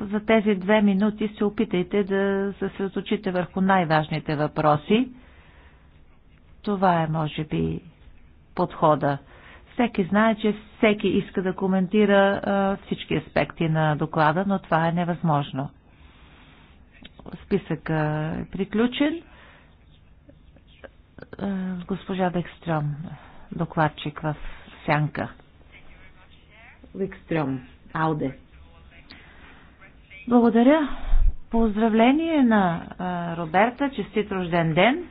За тези две минути се опитайте да се съсредоточите върху най-важните въпроси. Това е, може би, подхода. Всеки знае, че всеки иска да коментира а, всички аспекти на доклада, но това е невъзможно. Списък е приключен. А, госпожа Декстрем, докладчик в Сянка. Бекстром, Ауде. Благодаря. Поздравление на а, Роберта. Честит рожден ден.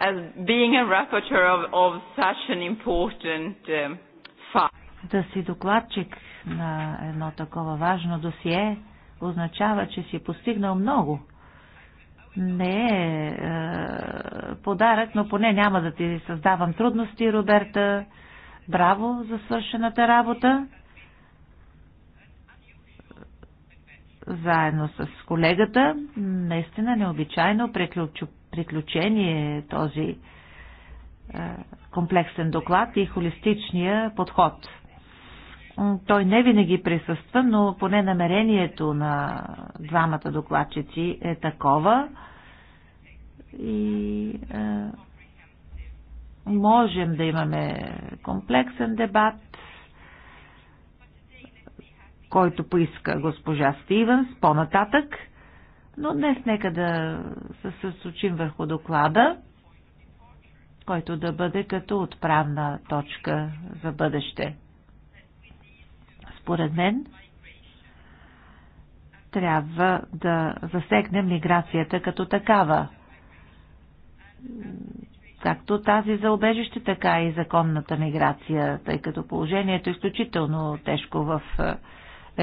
As being a rapporteur of, of such an important um, Да си докладчик на едно такова важно досие означава, че си е постигнал много. Не е, е подарък, но поне няма да ти създавам трудности, Роберта. Браво за свършената работа. Заедно с колегата. Наистина необичайно приключ... приключение е този е, комплексен доклад и холистичния подход. Той не винаги присъства, но поне намерението на двамата докладчици е такова. И е, можем да имаме комплексен дебат, който поиска госпожа Стивенс по-нататък, но днес нека да се съсочим върху доклада, който да бъде като отправна точка за бъдеще. Според мен, трябва да засекнем миграцията като такава както тази за обежище, така и законната миграция, тъй като положението е изключително тежко в е,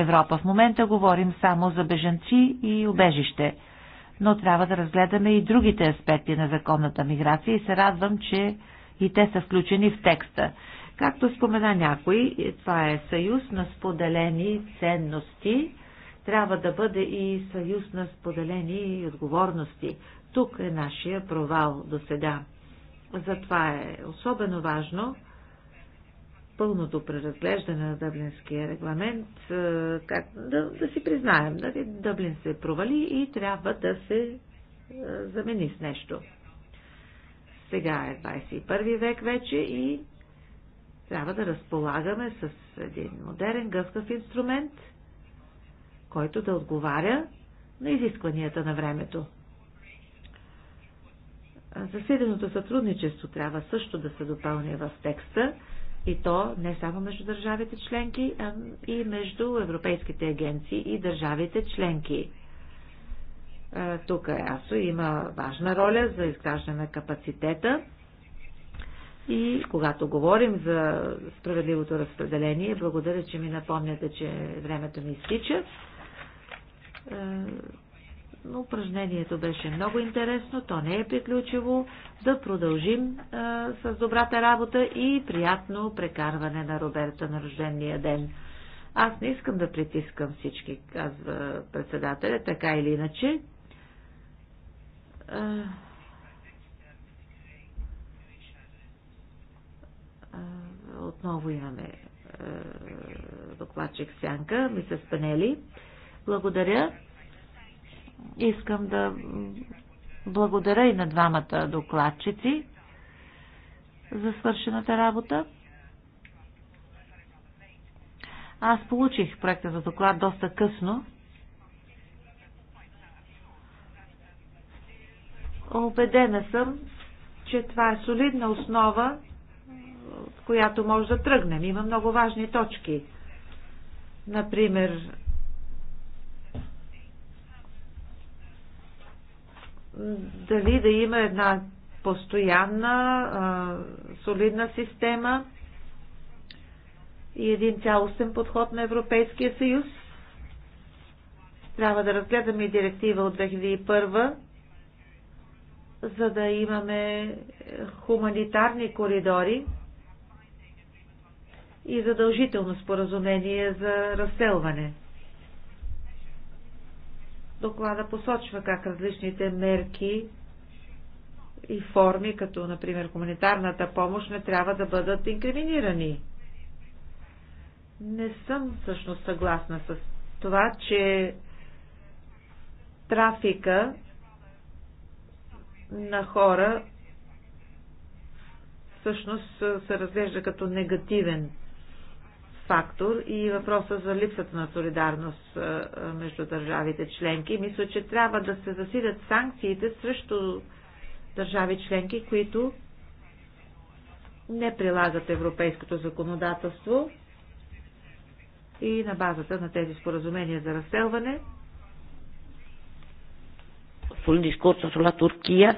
Европа. В момента говорим само за бежанци и обежище, но трябва да разгледаме и другите аспекти на законната миграция и се радвам, че и те са включени в текста. Както спомена някой, е, това е съюз на споделени ценности, трябва да бъде и съюз на споделени отговорности. Тук е нашия провал до сега. Затова е особено важно пълното преразглеждане на Дъблинския регламент, е, как, да, да си признаем, дали Дъблин се провали и трябва да се е, замени с нещо. Сега е 21 век вече и трябва да разполагаме с един модерен гъвкав инструмент, който да отговаря на изискванията на времето. Засиленото сътрудничество трябва също да се допълни в текста и то не само между държавите членки, а и между европейските агенции и държавите членки. Тук ЕАСО има важна роля за изграждане на капацитета и когато говорим за справедливото разпределение, благодаря, че ми напомняте, че времето ми изтича но Упражнението беше много интересно, то не е приключило. Да продължим а, с добрата работа и приятно прекарване на Роберта на рождения ден. Аз не искам да притискам всички, казва председателя, така или иначе. А, отново имаме докладчик Сянка, ми се Спанели. Благодаря. Искам да благодаря и на двамата докладчици за свършената работа. Аз получих проекта за доклад доста късно. Обедена съм, че това е солидна основа, от която може да тръгнем. Има много важни точки. Например, дали да има една постоянна, а, солидна система и един цялостен подход на Европейския съюз. Трябва да разгледаме и директива от 2001, за да имаме хуманитарни коридори и задължително споразумение за разселване. Доклада посочва как различните мерки и форми, като например хуманитарната помощ, не трябва да бъдат инкриминирани. Не съм всъщност съгласна с това, че трафика на хора всъщност се разглежда като негативен фактор и въпроса за липсата на солидарност между държавите членки. Мисля, че трябва да се засилят санкциите срещу държави членки, които не прилагат европейското законодателство и на базата на тези споразумения за разселване sul discorso sulla Turchia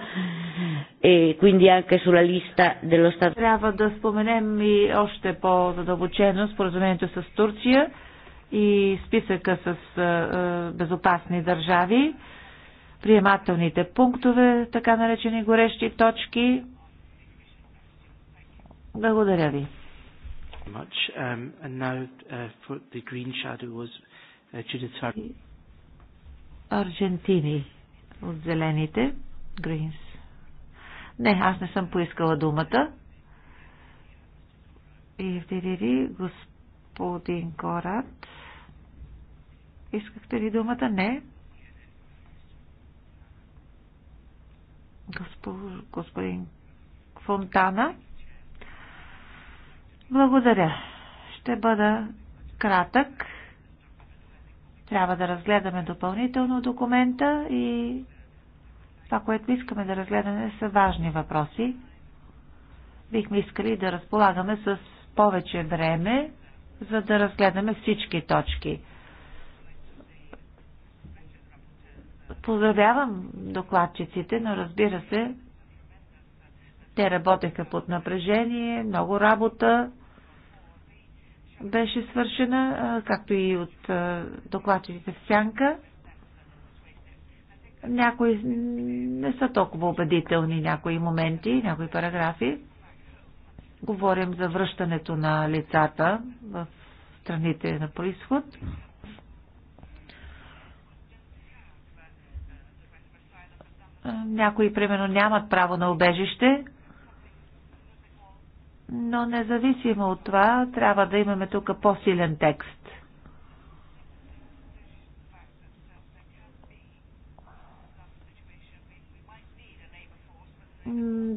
e quindi anche sulla lista dello Stato. Trava da spomenemmi oste po da dopo ceno, задълбочено sa с i и списъка с bezopasni državi, приемателните пунктове, така наречени горещи точки. Благодаря ви. Аржентини от зелените. Гринс. Не, аз не съм поискала думата. И в Дидири, господин Корат, искахте ли думата? Не. господин Фонтана. Благодаря. Ще бъда кратък. Трябва да разгледаме допълнително документа и това, което искаме да разгледаме, са важни въпроси. Бихме искали да разполагаме с повече време, за да разгледаме всички точки. Поздравявам докладчиците, но разбира се, те работеха под напрежение, много работа беше свършена, както и от докладчиците в сянка. Някои не са толкова убедителни някои моменти, някои параграфи. Говорим за връщането на лицата в страните на происход. Някои, примерно, нямат право на убежище, но независимо от това, трябва да имаме тук по-силен текст.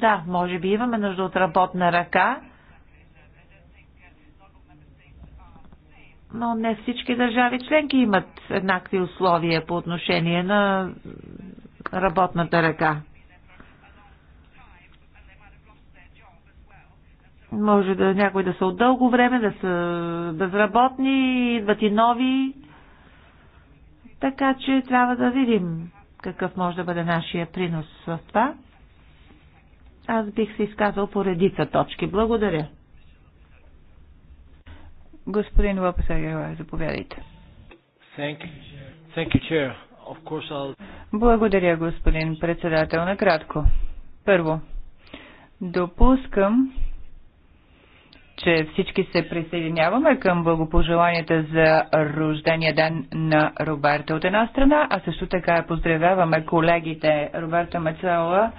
Да, може би имаме нужда от работна ръка, но не всички държави членки имат еднакви условия по отношение на работната ръка. Може да някои да са от дълго време, да са безработни, идват и нови. Така че трябва да видим какъв може да бъде нашия принос в това. Аз бих се изказал по редица точки. Благодаря. Господин Лопес заповядайте. Thank you. Thank you, chair. Of course I'll... Благодаря, господин председател. Накратко. Първо, допускам, че всички се присъединяваме към благопожеланията за рождения ден на Роберта от една страна, а също така поздравяваме колегите Роберта Мецела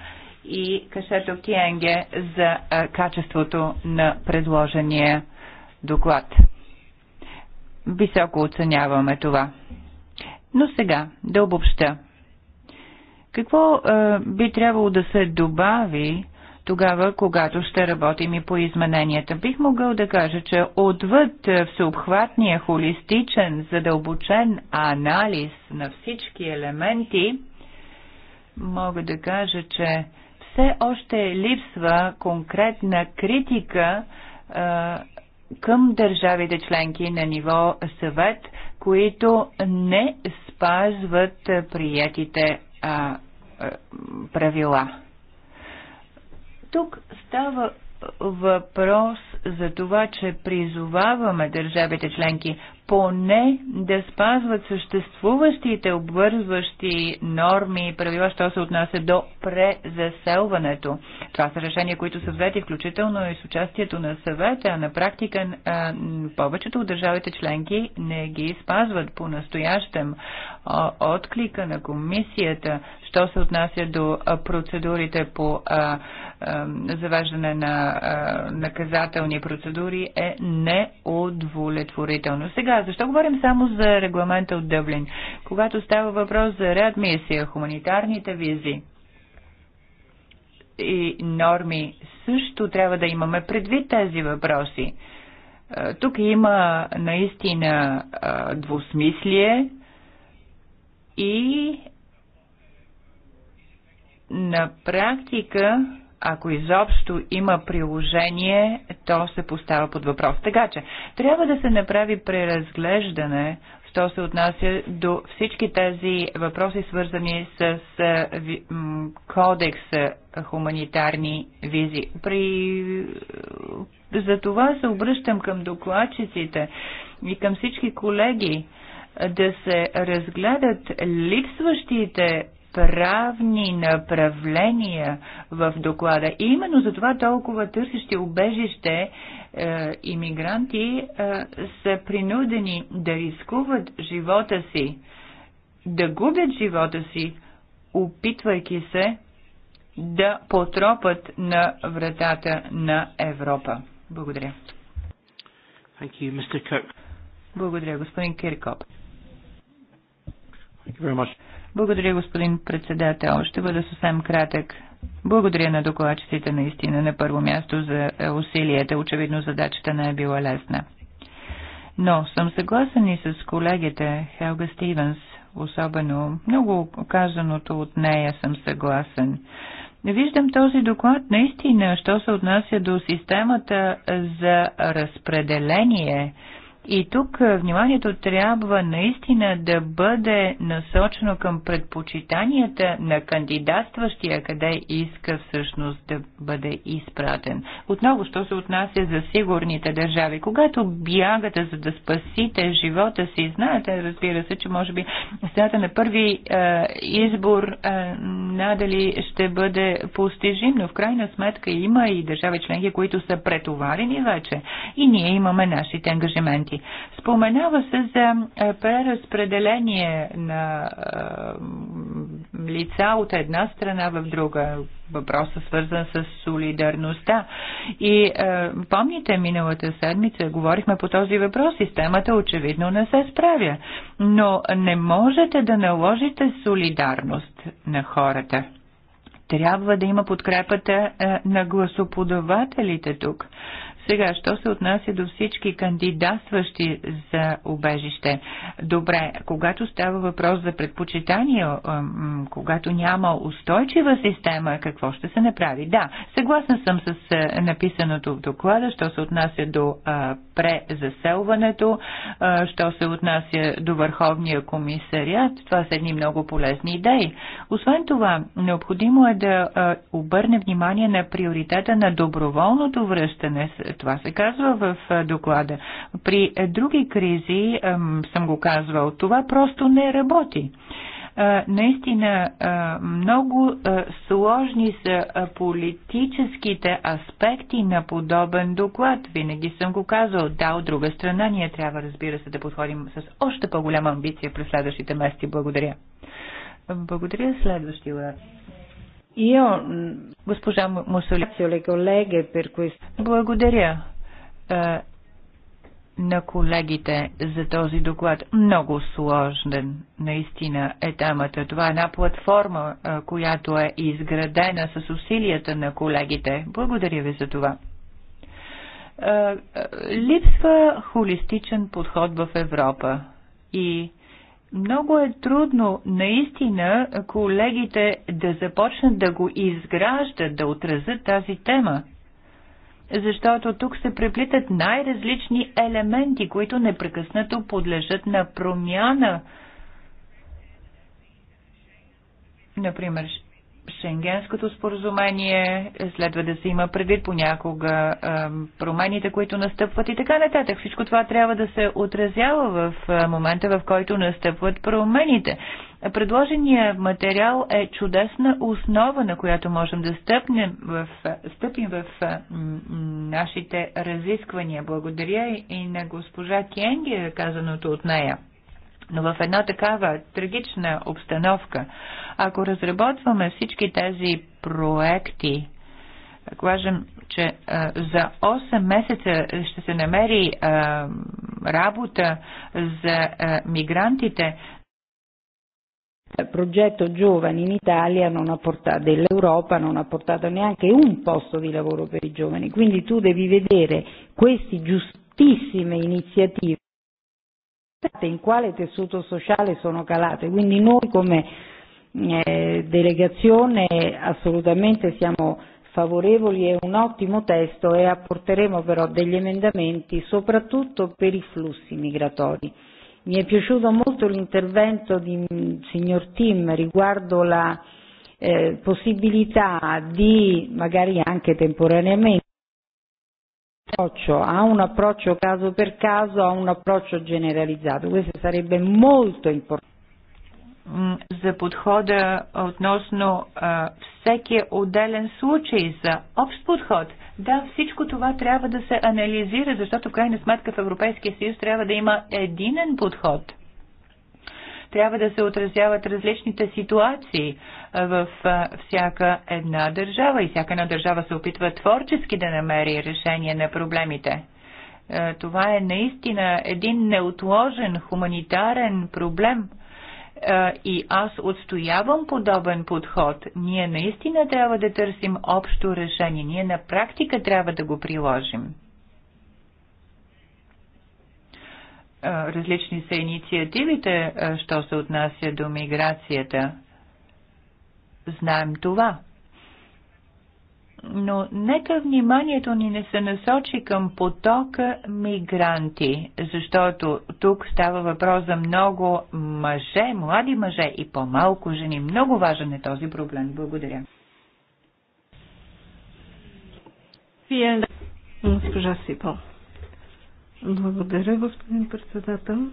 и Кашето Киенге за качеството на предложения доклад. Високо оценяваме това. Но сега да обобща. Какво е, би трябвало да се добави тогава, когато ще работим и по измененията. Бих могъл да кажа, че отвъд всеобхватния, холистичен, задълбочен анализ на всички елементи, мога да кажа, че все още липсва конкретна критика а, към държавите членки на ниво съвет, които не спазват приятите а, а, правила. Тук става въпрос за това, че призоваваме държавите членки поне да спазват съществуващите обвързващи норми и правила, що се отнася до презаселването. Това са решения, които са взети включително и с участието на съвета, а на практика повечето от държавите членки не ги спазват по-настоящем отклика на комисията, що се отнася до процедурите по завеждане на наказателни процедури е неудовлетворително. Сега, защо говорим само за регламента от Дъблин? Когато става въпрос за реадмисия, хуманитарните визи, и норми също трябва да имаме предвид тези въпроси. Тук има наистина двусмислие, и на практика, ако изобщо има приложение, то се поставя под въпрос. Така че, трябва да се направи преразглеждане, що се отнася до всички тези въпроси, свързани с е, кодекса хуманитарни визи. При... За това се обръщам към докладчиците и към всички колеги, да се разгледат липсващите правни направления в доклада. И именно за това толкова търсещи убежище е, иммигранти е, са принудени да рискуват живота си, да губят живота си, опитвайки се да потропат на вратата на Европа. Благодаря. Thank you, Mr. Благодаря, господин Киркоп. Благодаря, господин председател. Ще бъда съвсем кратък. Благодаря на докладчиците наистина на първо място за усилията. Очевидно задачата не е била лесна. Но съм съгласен и с колегите Хелга Стивенс, особено много казаното от нея съм съгласен. Виждам този доклад наистина, що се отнася до системата за разпределение и тук вниманието трябва наистина да бъде насочено към предпочитанията на кандидатстващия, къде иска всъщност да бъде изпратен. Отново, що се отнася за сигурните държави. Когато бягате, за да спасите живота си, знаете, разбира се, че може би стената на първи е, избор е, надали ще бъде постижим, но в крайна сметка има и държави членки, които са претоварени вече. И ние имаме нашите ангажименти членки. Споменава се за е, преразпределение на е, лица от една страна в друга. Въпросът свързан с солидарността. И е, помните, миналата седмица говорихме по този въпрос. Системата очевидно не се справя. Но не можете да наложите солидарност на хората трябва да има подкрепата е, на гласоподавателите тук. Сега, що се отнася до всички кандидатстващи за убежище? Добре, когато става въпрос за предпочитание, когато няма устойчива система, какво ще се направи? Да, съгласна съм с написаното в доклада, що се отнася до презаселването, що се отнася до Върховния комисариат. Това са едни много полезни идеи. Освен това, необходимо е да обърне внимание на приоритета на доброволното връщане. Това се казва в доклада. При е, други кризи съм го казвал. Това просто не работи наистина много сложни са политическите аспекти на подобен доклад. Винаги съм го казал. Да, от друга страна, ние трябва, разбира се, да подходим с още по-голяма амбиция през следващите месеци. Благодаря. Благодаря следващия Io, mm, госпожа Мусолини, благодаря е, на колегите за този доклад. Много сложен наистина е темата. Това е една платформа, е, която е изградена с усилията на колегите. Благодаря ви за това. Е, е липсва холистичен подход в Европа и много е трудно наистина колегите да започнат да го изграждат, да отразят тази тема. Защото тук се преплитат най-различни елементи, които непрекъснато подлежат на промяна. Например, Шенгенското споразумение, следва да се има предвид понякога промените, които настъпват и така нататък. Всичко това трябва да се отразява в момента, в който настъпват промените. Предложения материал е чудесна основа, на която можем да стъпнем в, стъпим в нашите разисквания. Благодаря и на госпожа Кенги казаното от нея. Но в една такава трагична обстановка, ако разработваме всички тези проекти, ако кажем, че а, за 8 месеца ще се намери а, работа за а, мигрантите, progetto giovani in Italia non ha portato, dell'Europa non ha portato neanche un posto di lavoro per i giovani. Quindi tu devi vedere queste giustissime iniziative state, in quale tessuto sociale sono calate. Quindi noi come eh, delegazione assolutamente siamo favorevoli, è un ottimo testo e apporteremo però degli emendamenti soprattutto per i flussi migratori. Mi è piaciuto molto l'intervento di signor Tim riguardo la eh, possibilità di, magari anche temporaneamente, approccio, a un approccio caso per caso, a un approccio generalizzato. Questo sarebbe molto importante. Mm, за подхода относно а, всеки отделен случай, за общ подход. Да, всичко това трябва да се анализира, защото в крайна сметка в Европейския съюз трябва да има единен подход – трябва да се отразяват различните ситуации е, в е, всяка една държава и всяка една държава се опитва творчески да намери решение на проблемите. Е, това е наистина един неотложен хуманитарен проблем и аз отстоявам подобен подход. Ние наистина трябва да търсим общо решение. Ние на практика трябва да го приложим. различни са инициативите, що се отнася до миграцията. Знаем това. Но нека вниманието ни не се насочи към потока мигранти, защото тук става въпрос за много мъже, млади мъже и по-малко жени. Много важен е този проблем. Благодаря. Госпожа Сипо. Благодаря, господин председател.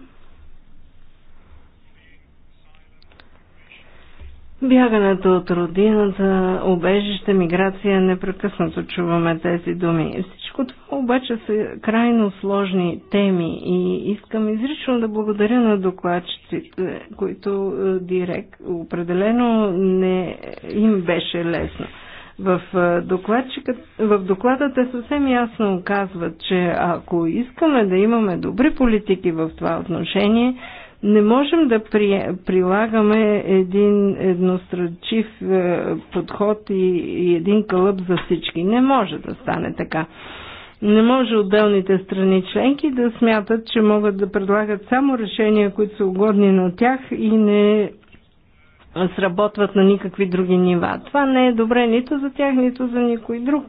Бягането от родината, обежище, миграция, непрекъснато чуваме тези думи. Всичко това обаче са крайно сложни теми и искам изрично да благодаря на докладчиците, които е, директ определено не им беше лесно. В, в доклада те съвсем ясно казват, че ако искаме да имаме добри политики в това отношение, не можем да при, прилагаме един едностранчив е, подход и, и един кълъп за всички. Не може да стане така. Не може отделните страни членки да смятат, че могат да предлагат само решения, които са угодни на тях и не сработват на никакви други нива. Това не е добре нито за тях, нито за никой друг.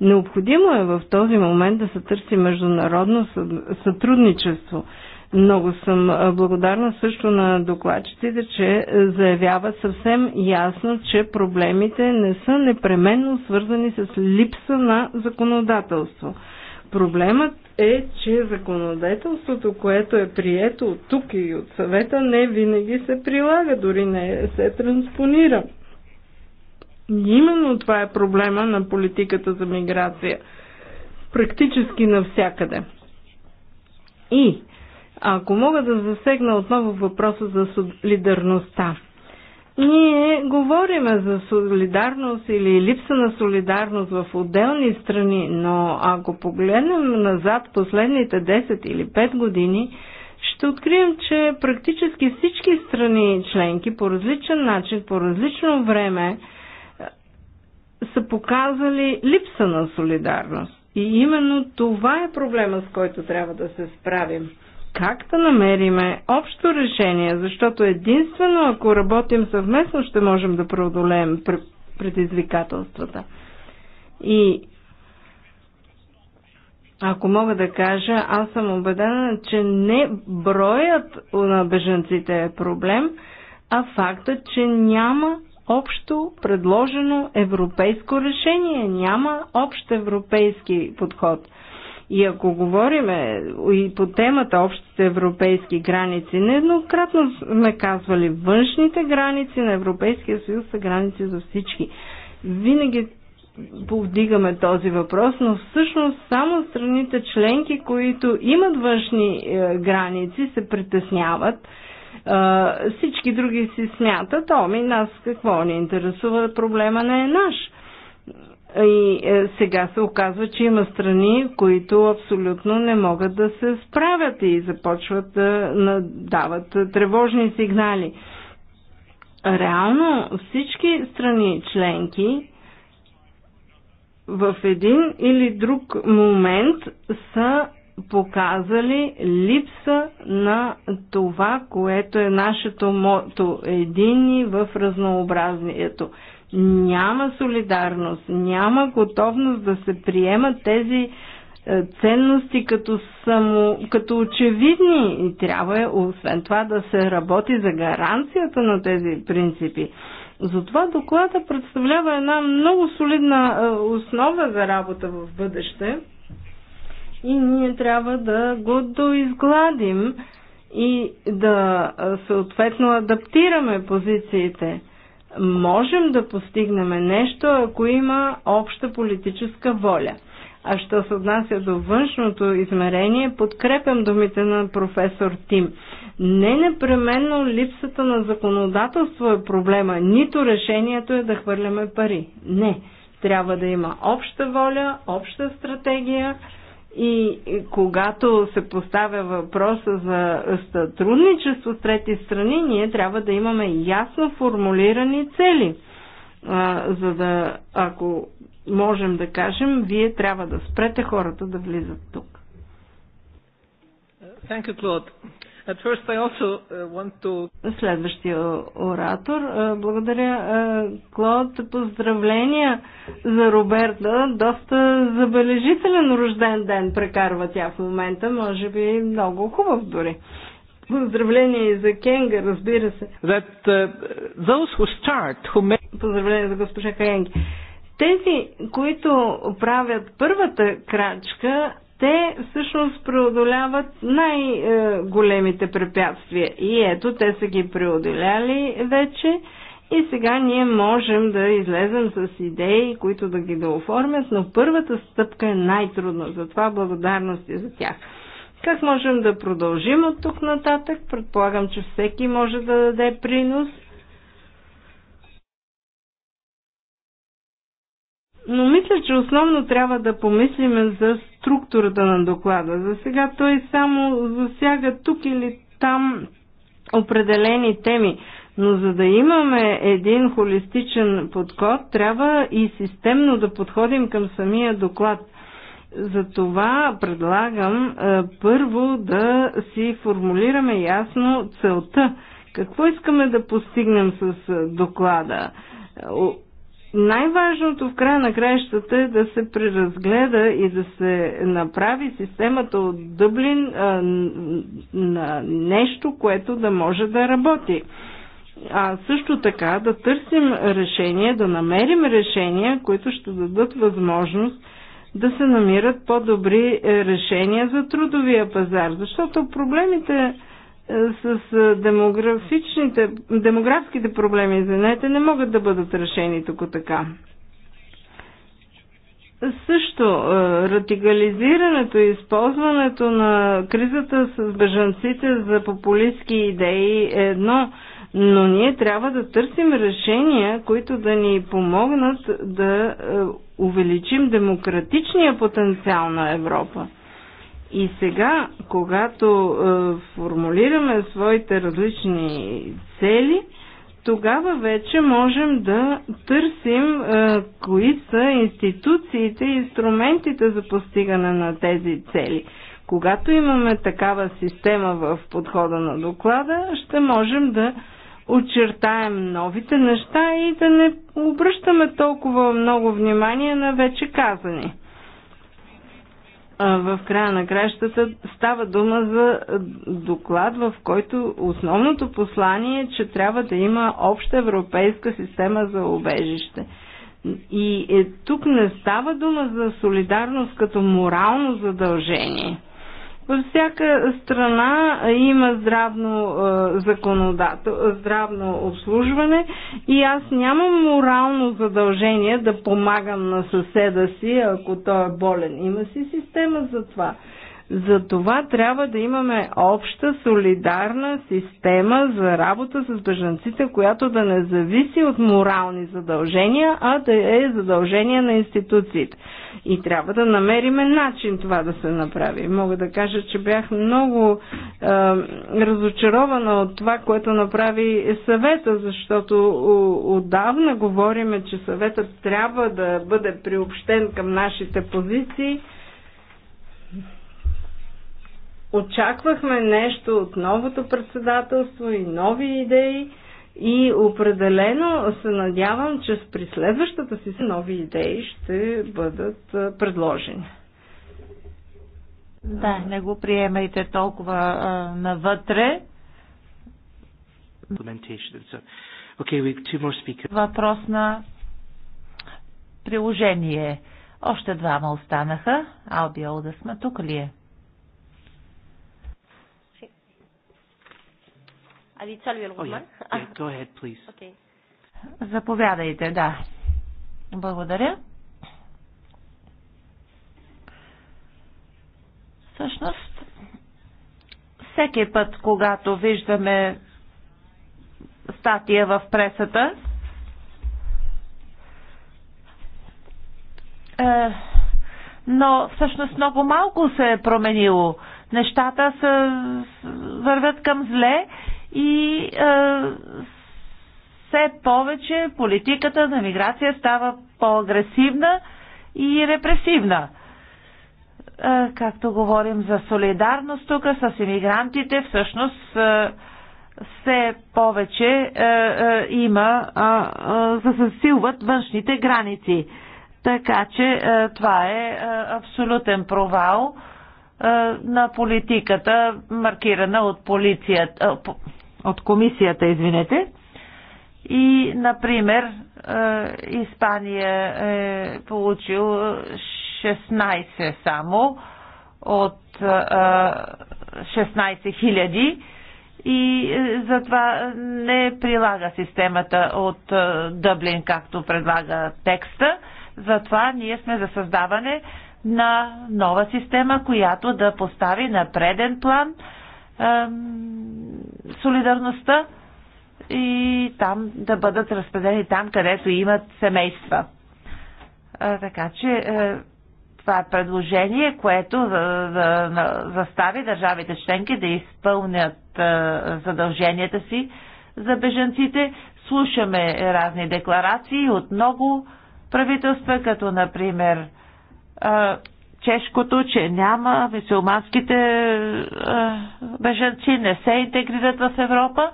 Необходимо е в този момент да се търси международно сътрудничество. Много съм благодарна също на докладчиците, че заявяват съвсем ясно, че проблемите не са непременно свързани с липса на законодателство. Проблемът е, че законодателството, което е прието от тук и от съвета, не винаги се прилага, дори не се транспонира. Именно това е проблема на политиката за миграция. Практически навсякъде. И ако мога да засегна отново въпроса за солидарността. Ние говориме за солидарност или липса на солидарност в отделни страни, но ако погледнем назад последните 10 или 5 години, ще открием, че практически всички страни членки по различен начин, по различно време е, са показали липса на солидарност. И именно това е проблема, с който трябва да се справим – как да намериме общо решение, защото единствено ако работим съвместно ще можем да преодолеем предизвикателствата. И ако мога да кажа, аз съм убедена, че не броят на беженците е проблем, а факта, че няма общо предложено европейско решение, няма общ европейски подход – и ако говориме и по темата общите европейски граници, нееднократно сме казвали, външните граници на Европейския съюз са граници за всички. Винаги повдигаме този въпрос, но всъщност само страните членки, които имат външни е, граници, се притесняват. Е, всички други си смятат, оми, нас какво ни интересува, проблема не е наш. И е, сега се оказва, че има страни, които абсолютно не могат да се справят и започват да дават тревожни сигнали. Реално всички страни членки в един или друг момент са показали липса на това, което е нашето мото едини в разнообразието няма солидарност, няма готовност да се приемат тези е, ценности като, само, като очевидни и трябва е, освен това да се работи за гаранцията на тези принципи. Затова доклада представлява една много солидна е, основа за работа в бъдеще и ние трябва да го доизгладим и да е, съответно адаптираме позициите можем да постигнем нещо, ако има обща политическа воля. А що се отнася до външното измерение, подкрепям думите на професор Тим. Не непременно липсата на законодателство е проблема, нито решението е да хвърляме пари. Не. Трябва да има обща воля, обща стратегия, и когато се поставя въпроса за сътрудничество с трети страни, ние трябва да имаме ясно формулирани цели. За да, ако можем да кажем, вие трябва да спрете хората да влизат тук. Thank you, Claude. Uh, Следващия оратор. Е, благодаря, е, Клод. Поздравления за Роберта. Доста забележителен рожден ден прекарва тя в момента. Може би много хубав дори. Поздравление и за Кенга, разбира се. That, uh, those who start, who Поздравление за госпожа Кенги. Тези, които правят първата крачка, те всъщност преодоляват най-големите препятствия. И ето, те са ги преодоляли вече и сега ние можем да излезем с идеи, които да ги дооформят, но първата стъпка е най-трудна. Затова благодарности за тях. Как можем да продължим от тук нататък? Предполагам, че всеки може да даде принос Но мисля, че основно трябва да помислим за структурата на доклада. За сега той само засяга тук или там определени теми. Но за да имаме един холистичен подход, трябва и системно да подходим към самия доклад. Затова предлагам е, първо да си формулираме ясно целта. Какво искаме да постигнем с е, доклада? Е, най-важното в края на краищата е да се преразгледа и да се направи системата от Дъблин а, на нещо, което да може да работи. А също така да търсим решения, да намерим решения, които ще дадат възможност да се намират по-добри е, решения за трудовия пазар. Защото проблемите е, с е, демографичните, демографските проблеми, извинете, не могат да бъдат решени тук така. Също е, радикализирането и използването на кризата с бежанците за популистски идеи е едно, но ние трябва да търсим решения, които да ни помогнат да увеличим демократичния потенциал на Европа. И сега, когато е, формулираме своите различни цели, тогава вече можем да търсим е, кои са институциите и инструментите за постигане на тези цели. Когато имаме такава система в подхода на доклада, ще можем да очертаем новите неща и да не обръщаме толкова много внимание на вече казани в края на кращата става дума за доклад, в който основното послание е, че трябва да има обща европейска система за обежище. И е, тук не става дума за солидарност като морално задължение. Във всяка страна има здравно е, законодателство, здравно обслужване и аз нямам морално задължение да помагам на съседа си, ако той е болен. Има си система за това. За това трябва да имаме обща солидарна система за работа с бежанците, която да не зависи от морални задължения, а да е задължение на институциите. И трябва да намериме начин това да се направи. Мога да кажа, че бях много е, разочарована от това, което направи съвета, защото отдавна говориме, че съветът трябва да бъде приобщен към нашите позиции очаквахме нещо от новото председателство и нови идеи и определено се надявам, че при следващата си нови идеи ще бъдат предложени. Да, не го приемайте толкова а, навътре. Въпрос на приложение. Още двама останаха. Алби сме тук ли е? Алица Люелгуман? Oh, Заповядайте, да. Благодаря. Всъщност, всеки път, когато виждаме статия в пресата, е, но всъщност много малко се е променило. Нещата се вървят към зле и е, все повече политиката на миграция става по-агресивна и репресивна. Е, както говорим за солидарност тук с иммигрантите, всъщност е, все повече е, е, има, е, се засилват външните граници. Така че е, това е, е абсолютен провал е, на политиката, маркирана от полицията. Е, от комисията, извинете. И, например, е, Испания е получил 16 само от 16 е, 000 и е, затова не прилага системата от Дъблин, както предлага текста. Затова ние сме за създаване на нова система, която да постави на преден план солидарността и там да бъдат разпределени там, където имат семейства. А, така че а, е, това е предложение, което застави държавите членки да изпълнят а, е, задълженията си за беженците. Слушаме разни декларации от много правителства, като например е, чешкото, че няма мисулманските бежанци, не се интегрират в Европа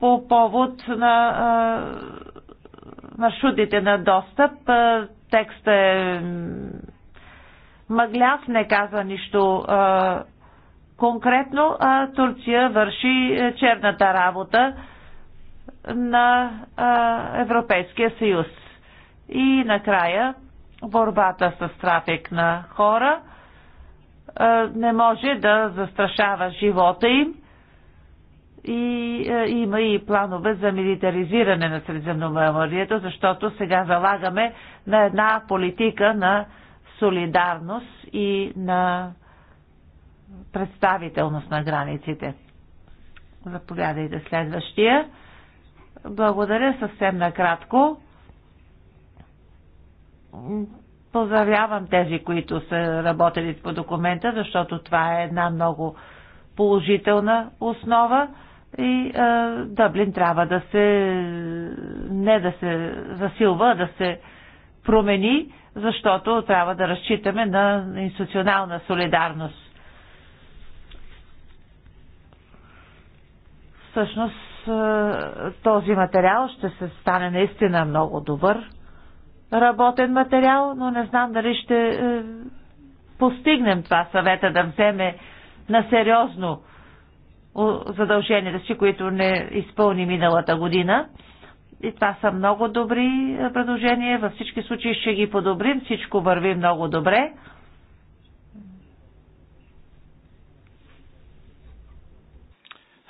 по повод на маршрутите на достъп. Текстът е мъгляв, не казва нищо конкретно, а Турция върши е, черната работа на Европейския съюз. И накрая борбата с трафик на хора не може да застрашава живота им и има и планове за милитаризиране на Средиземноморието, защото сега залагаме на една политика на солидарност и на представителност на границите. Заповядайте следващия. Благодаря съвсем накратко. Поздравявам тези, които са работили по документа, защото това е една много положителна основа и е, Дъблин трябва да се не да се засилва, а да се промени, защото трябва да разчитаме на институционална солидарност. Всъщност този материал ще се стане наистина много добър работен материал, но не знам дали ще е, постигнем това съвета да вземе на сериозно задълженията си, които не изпълни миналата година. И това са много добри е, предложения. Във всички случаи ще ги подобрим. Всичко върви много добре.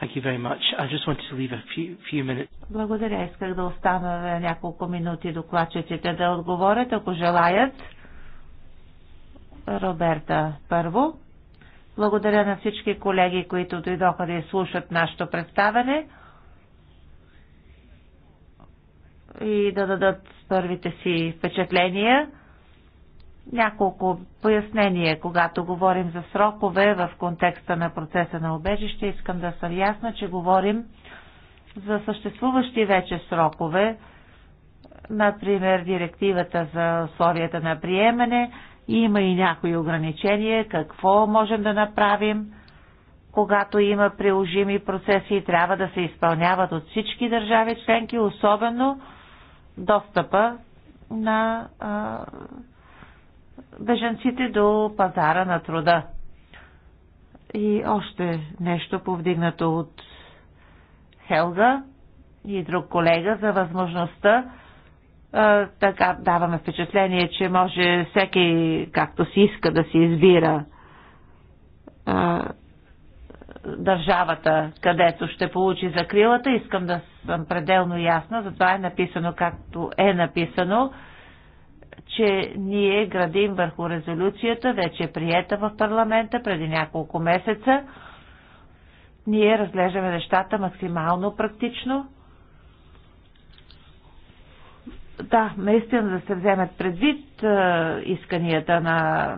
Thank you very much. I just wanted to leave a few, few minutes. Благодаря. Исках да остана няколко минути докладчиците да отговорят, ако желаят. Роберта първо. Благодаря на всички колеги, които дойдоха да изслушат нашето представяне и да дадат първите си впечатления. Няколко пояснения. когато говорим за срокове в контекста на процеса на обежище, искам да съм ясна, че говорим за съществуващи вече срокове, например директивата за условията на приемане, има и някои ограничения, какво можем да направим, когато има приложими процеси и трябва да се изпълняват от всички държави членки, особено достъпа на а, беженците до пазара на труда. И още нещо повдигнато от Хелга и друг колега за възможността така даваме впечатление, че може всеки както си иска да си избира а, държавата, където ще получи закрилата. Искам да съм пределно ясна, затова е написано както е написано че ние градим върху резолюцията, вече е приета в парламента преди няколко месеца. Ние разглеждаме нещата максимално практично. Да, наистина да се вземат предвид е, исканията на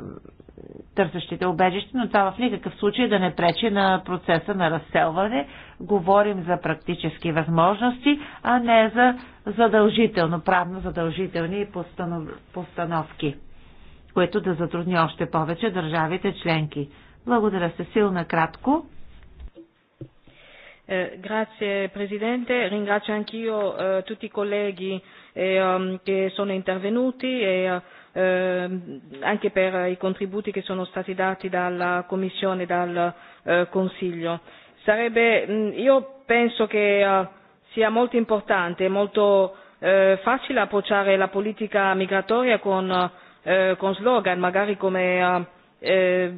търсещите обежища, но това в никакъв случай да не пречи на процеса на разселване говорим за практически възможности, а не за задължително, правно задължителни постанов... постановки, което да затрудни още повече държавите членки. Благодаря се сил кратко. grazie Presidente, ringrazio anch'io eh, tutti i colleghi eh, che sono intervenuti e eh, anche per i contributi che sono stati dati dalla Commissione e dal eh, Consiglio. Sarebbe, io penso che sia molto importante e molto eh, facile approcciare la politica migratoria con, eh, con slogan, magari come eh,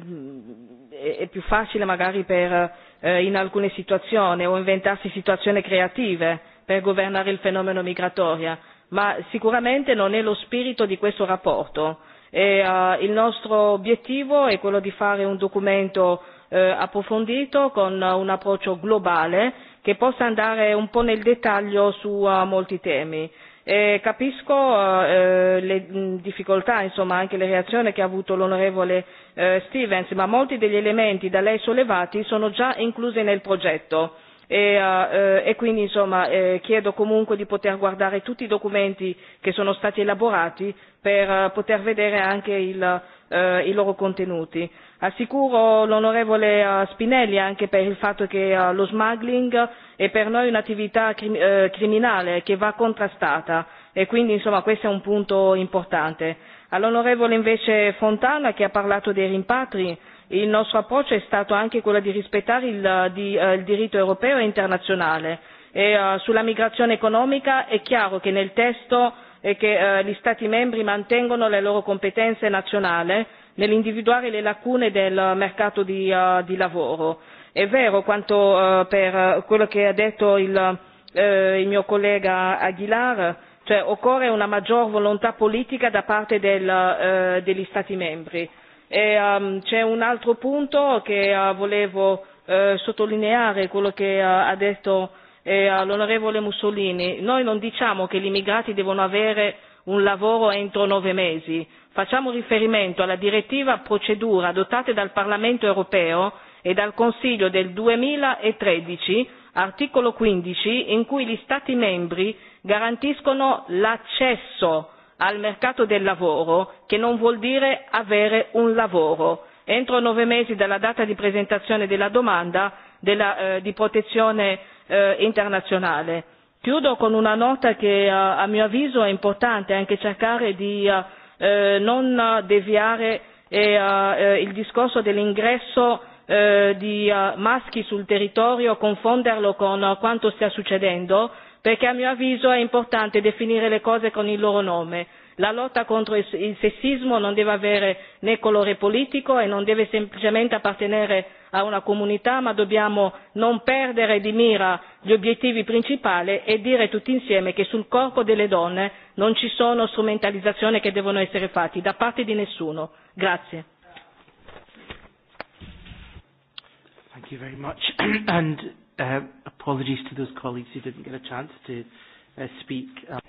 è più facile magari per, eh, in alcune situazioni o inventarsi situazioni creative per governare il fenomeno migratorio, ma sicuramente non è lo spirito di questo rapporto. E, uh, il nostro obiettivo è quello di fare un documento approfondito con un approccio globale che possa andare un po' nel dettaglio su molti temi. E capisco uh, le difficoltà, insomma anche le reazioni che ha avuto l'onorevole uh, Stevens, ma molti degli elementi da lei sollevati sono già inclusi nel progetto e, uh, e quindi insomma, uh, chiedo comunque di poter guardare tutti i documenti che sono stati elaborati per uh, poter vedere anche il eh, i loro contenuti. Assicuro l'onorevole Spinelli anche per il fatto che lo smuggling è per noi un'attività criminale che va contrastata e quindi insomma questo è un punto importante. All'onorevole invece Fontana che ha parlato dei rimpatri, il nostro approccio è stato anche quello di rispettare il, di, il diritto europeo e internazionale e uh, sulla migrazione economica è chiaro che nel testo è che gli Stati membri mantengono le loro competenze nazionali nell'individuare le lacune del mercato di, lavoro. È vero quanto per quello che ha detto il, mio collega Aguilar, cioè occorre una maggior volontà politica da parte degli Stati membri. E, c'è un altro punto che volevo sottolineare, quello che ha detto e all'onorevole Mussolini, noi non diciamo che gli immigrati devono avere un lavoro entro nove mesi, facciamo riferimento alla direttiva procedura adottata dal Parlamento europeo e dal Consiglio del duemilatredici, articolo quindici, in cui gli Stati membri garantiscono l'accesso al mercato del lavoro, che non vuol dire avere un lavoro, entro nove mesi dalla data di presentazione della domanda di protezione eh, internazionale. Chiudo con una nota che a mio avviso è importante anche cercare di eh, non deviare eh, il discorso dell'ingresso eh, di eh, maschi sul territorio, confonderlo con quanto sta succedendo, perché a mio avviso è importante definire le cose con il loro nome La lotta contro il sessismo non deve avere né colore politico e non deve semplicemente appartenere a una comunità, ma dobbiamo non perdere di mira gli obiettivi principali e dire tutti insieme che sul corpo delle donne non ci sono strumentalizzazioni che devono essere fatte da parte di nessuno. Grazie. Thank you very much. And uh, apologies to those colleagues who didn't get a chance to uh, speak. Uh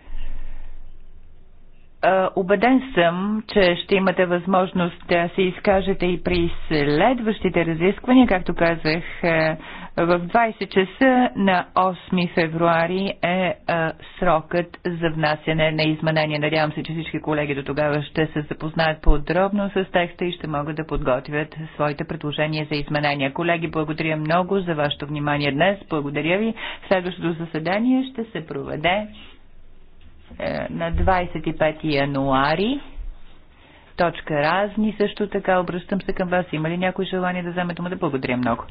Обеден съм, че ще имате възможност да се изкажете и при следващите разисквания, както казах, е, в 20 часа на 8 февруари е, е срокът за внасяне на изменения. Надявам се, че всички колеги до тогава ще се запознаят подробно с текста и ще могат да подготвят своите предложения за изменения. Колеги, благодаря много за вашето внимание днес. Благодаря ви. Следващото заседание ще се проведе е, на 25 януари. Точка разни също така. Обръщам се към вас. Има ли някой желание да вземе дума? Да благодаря много.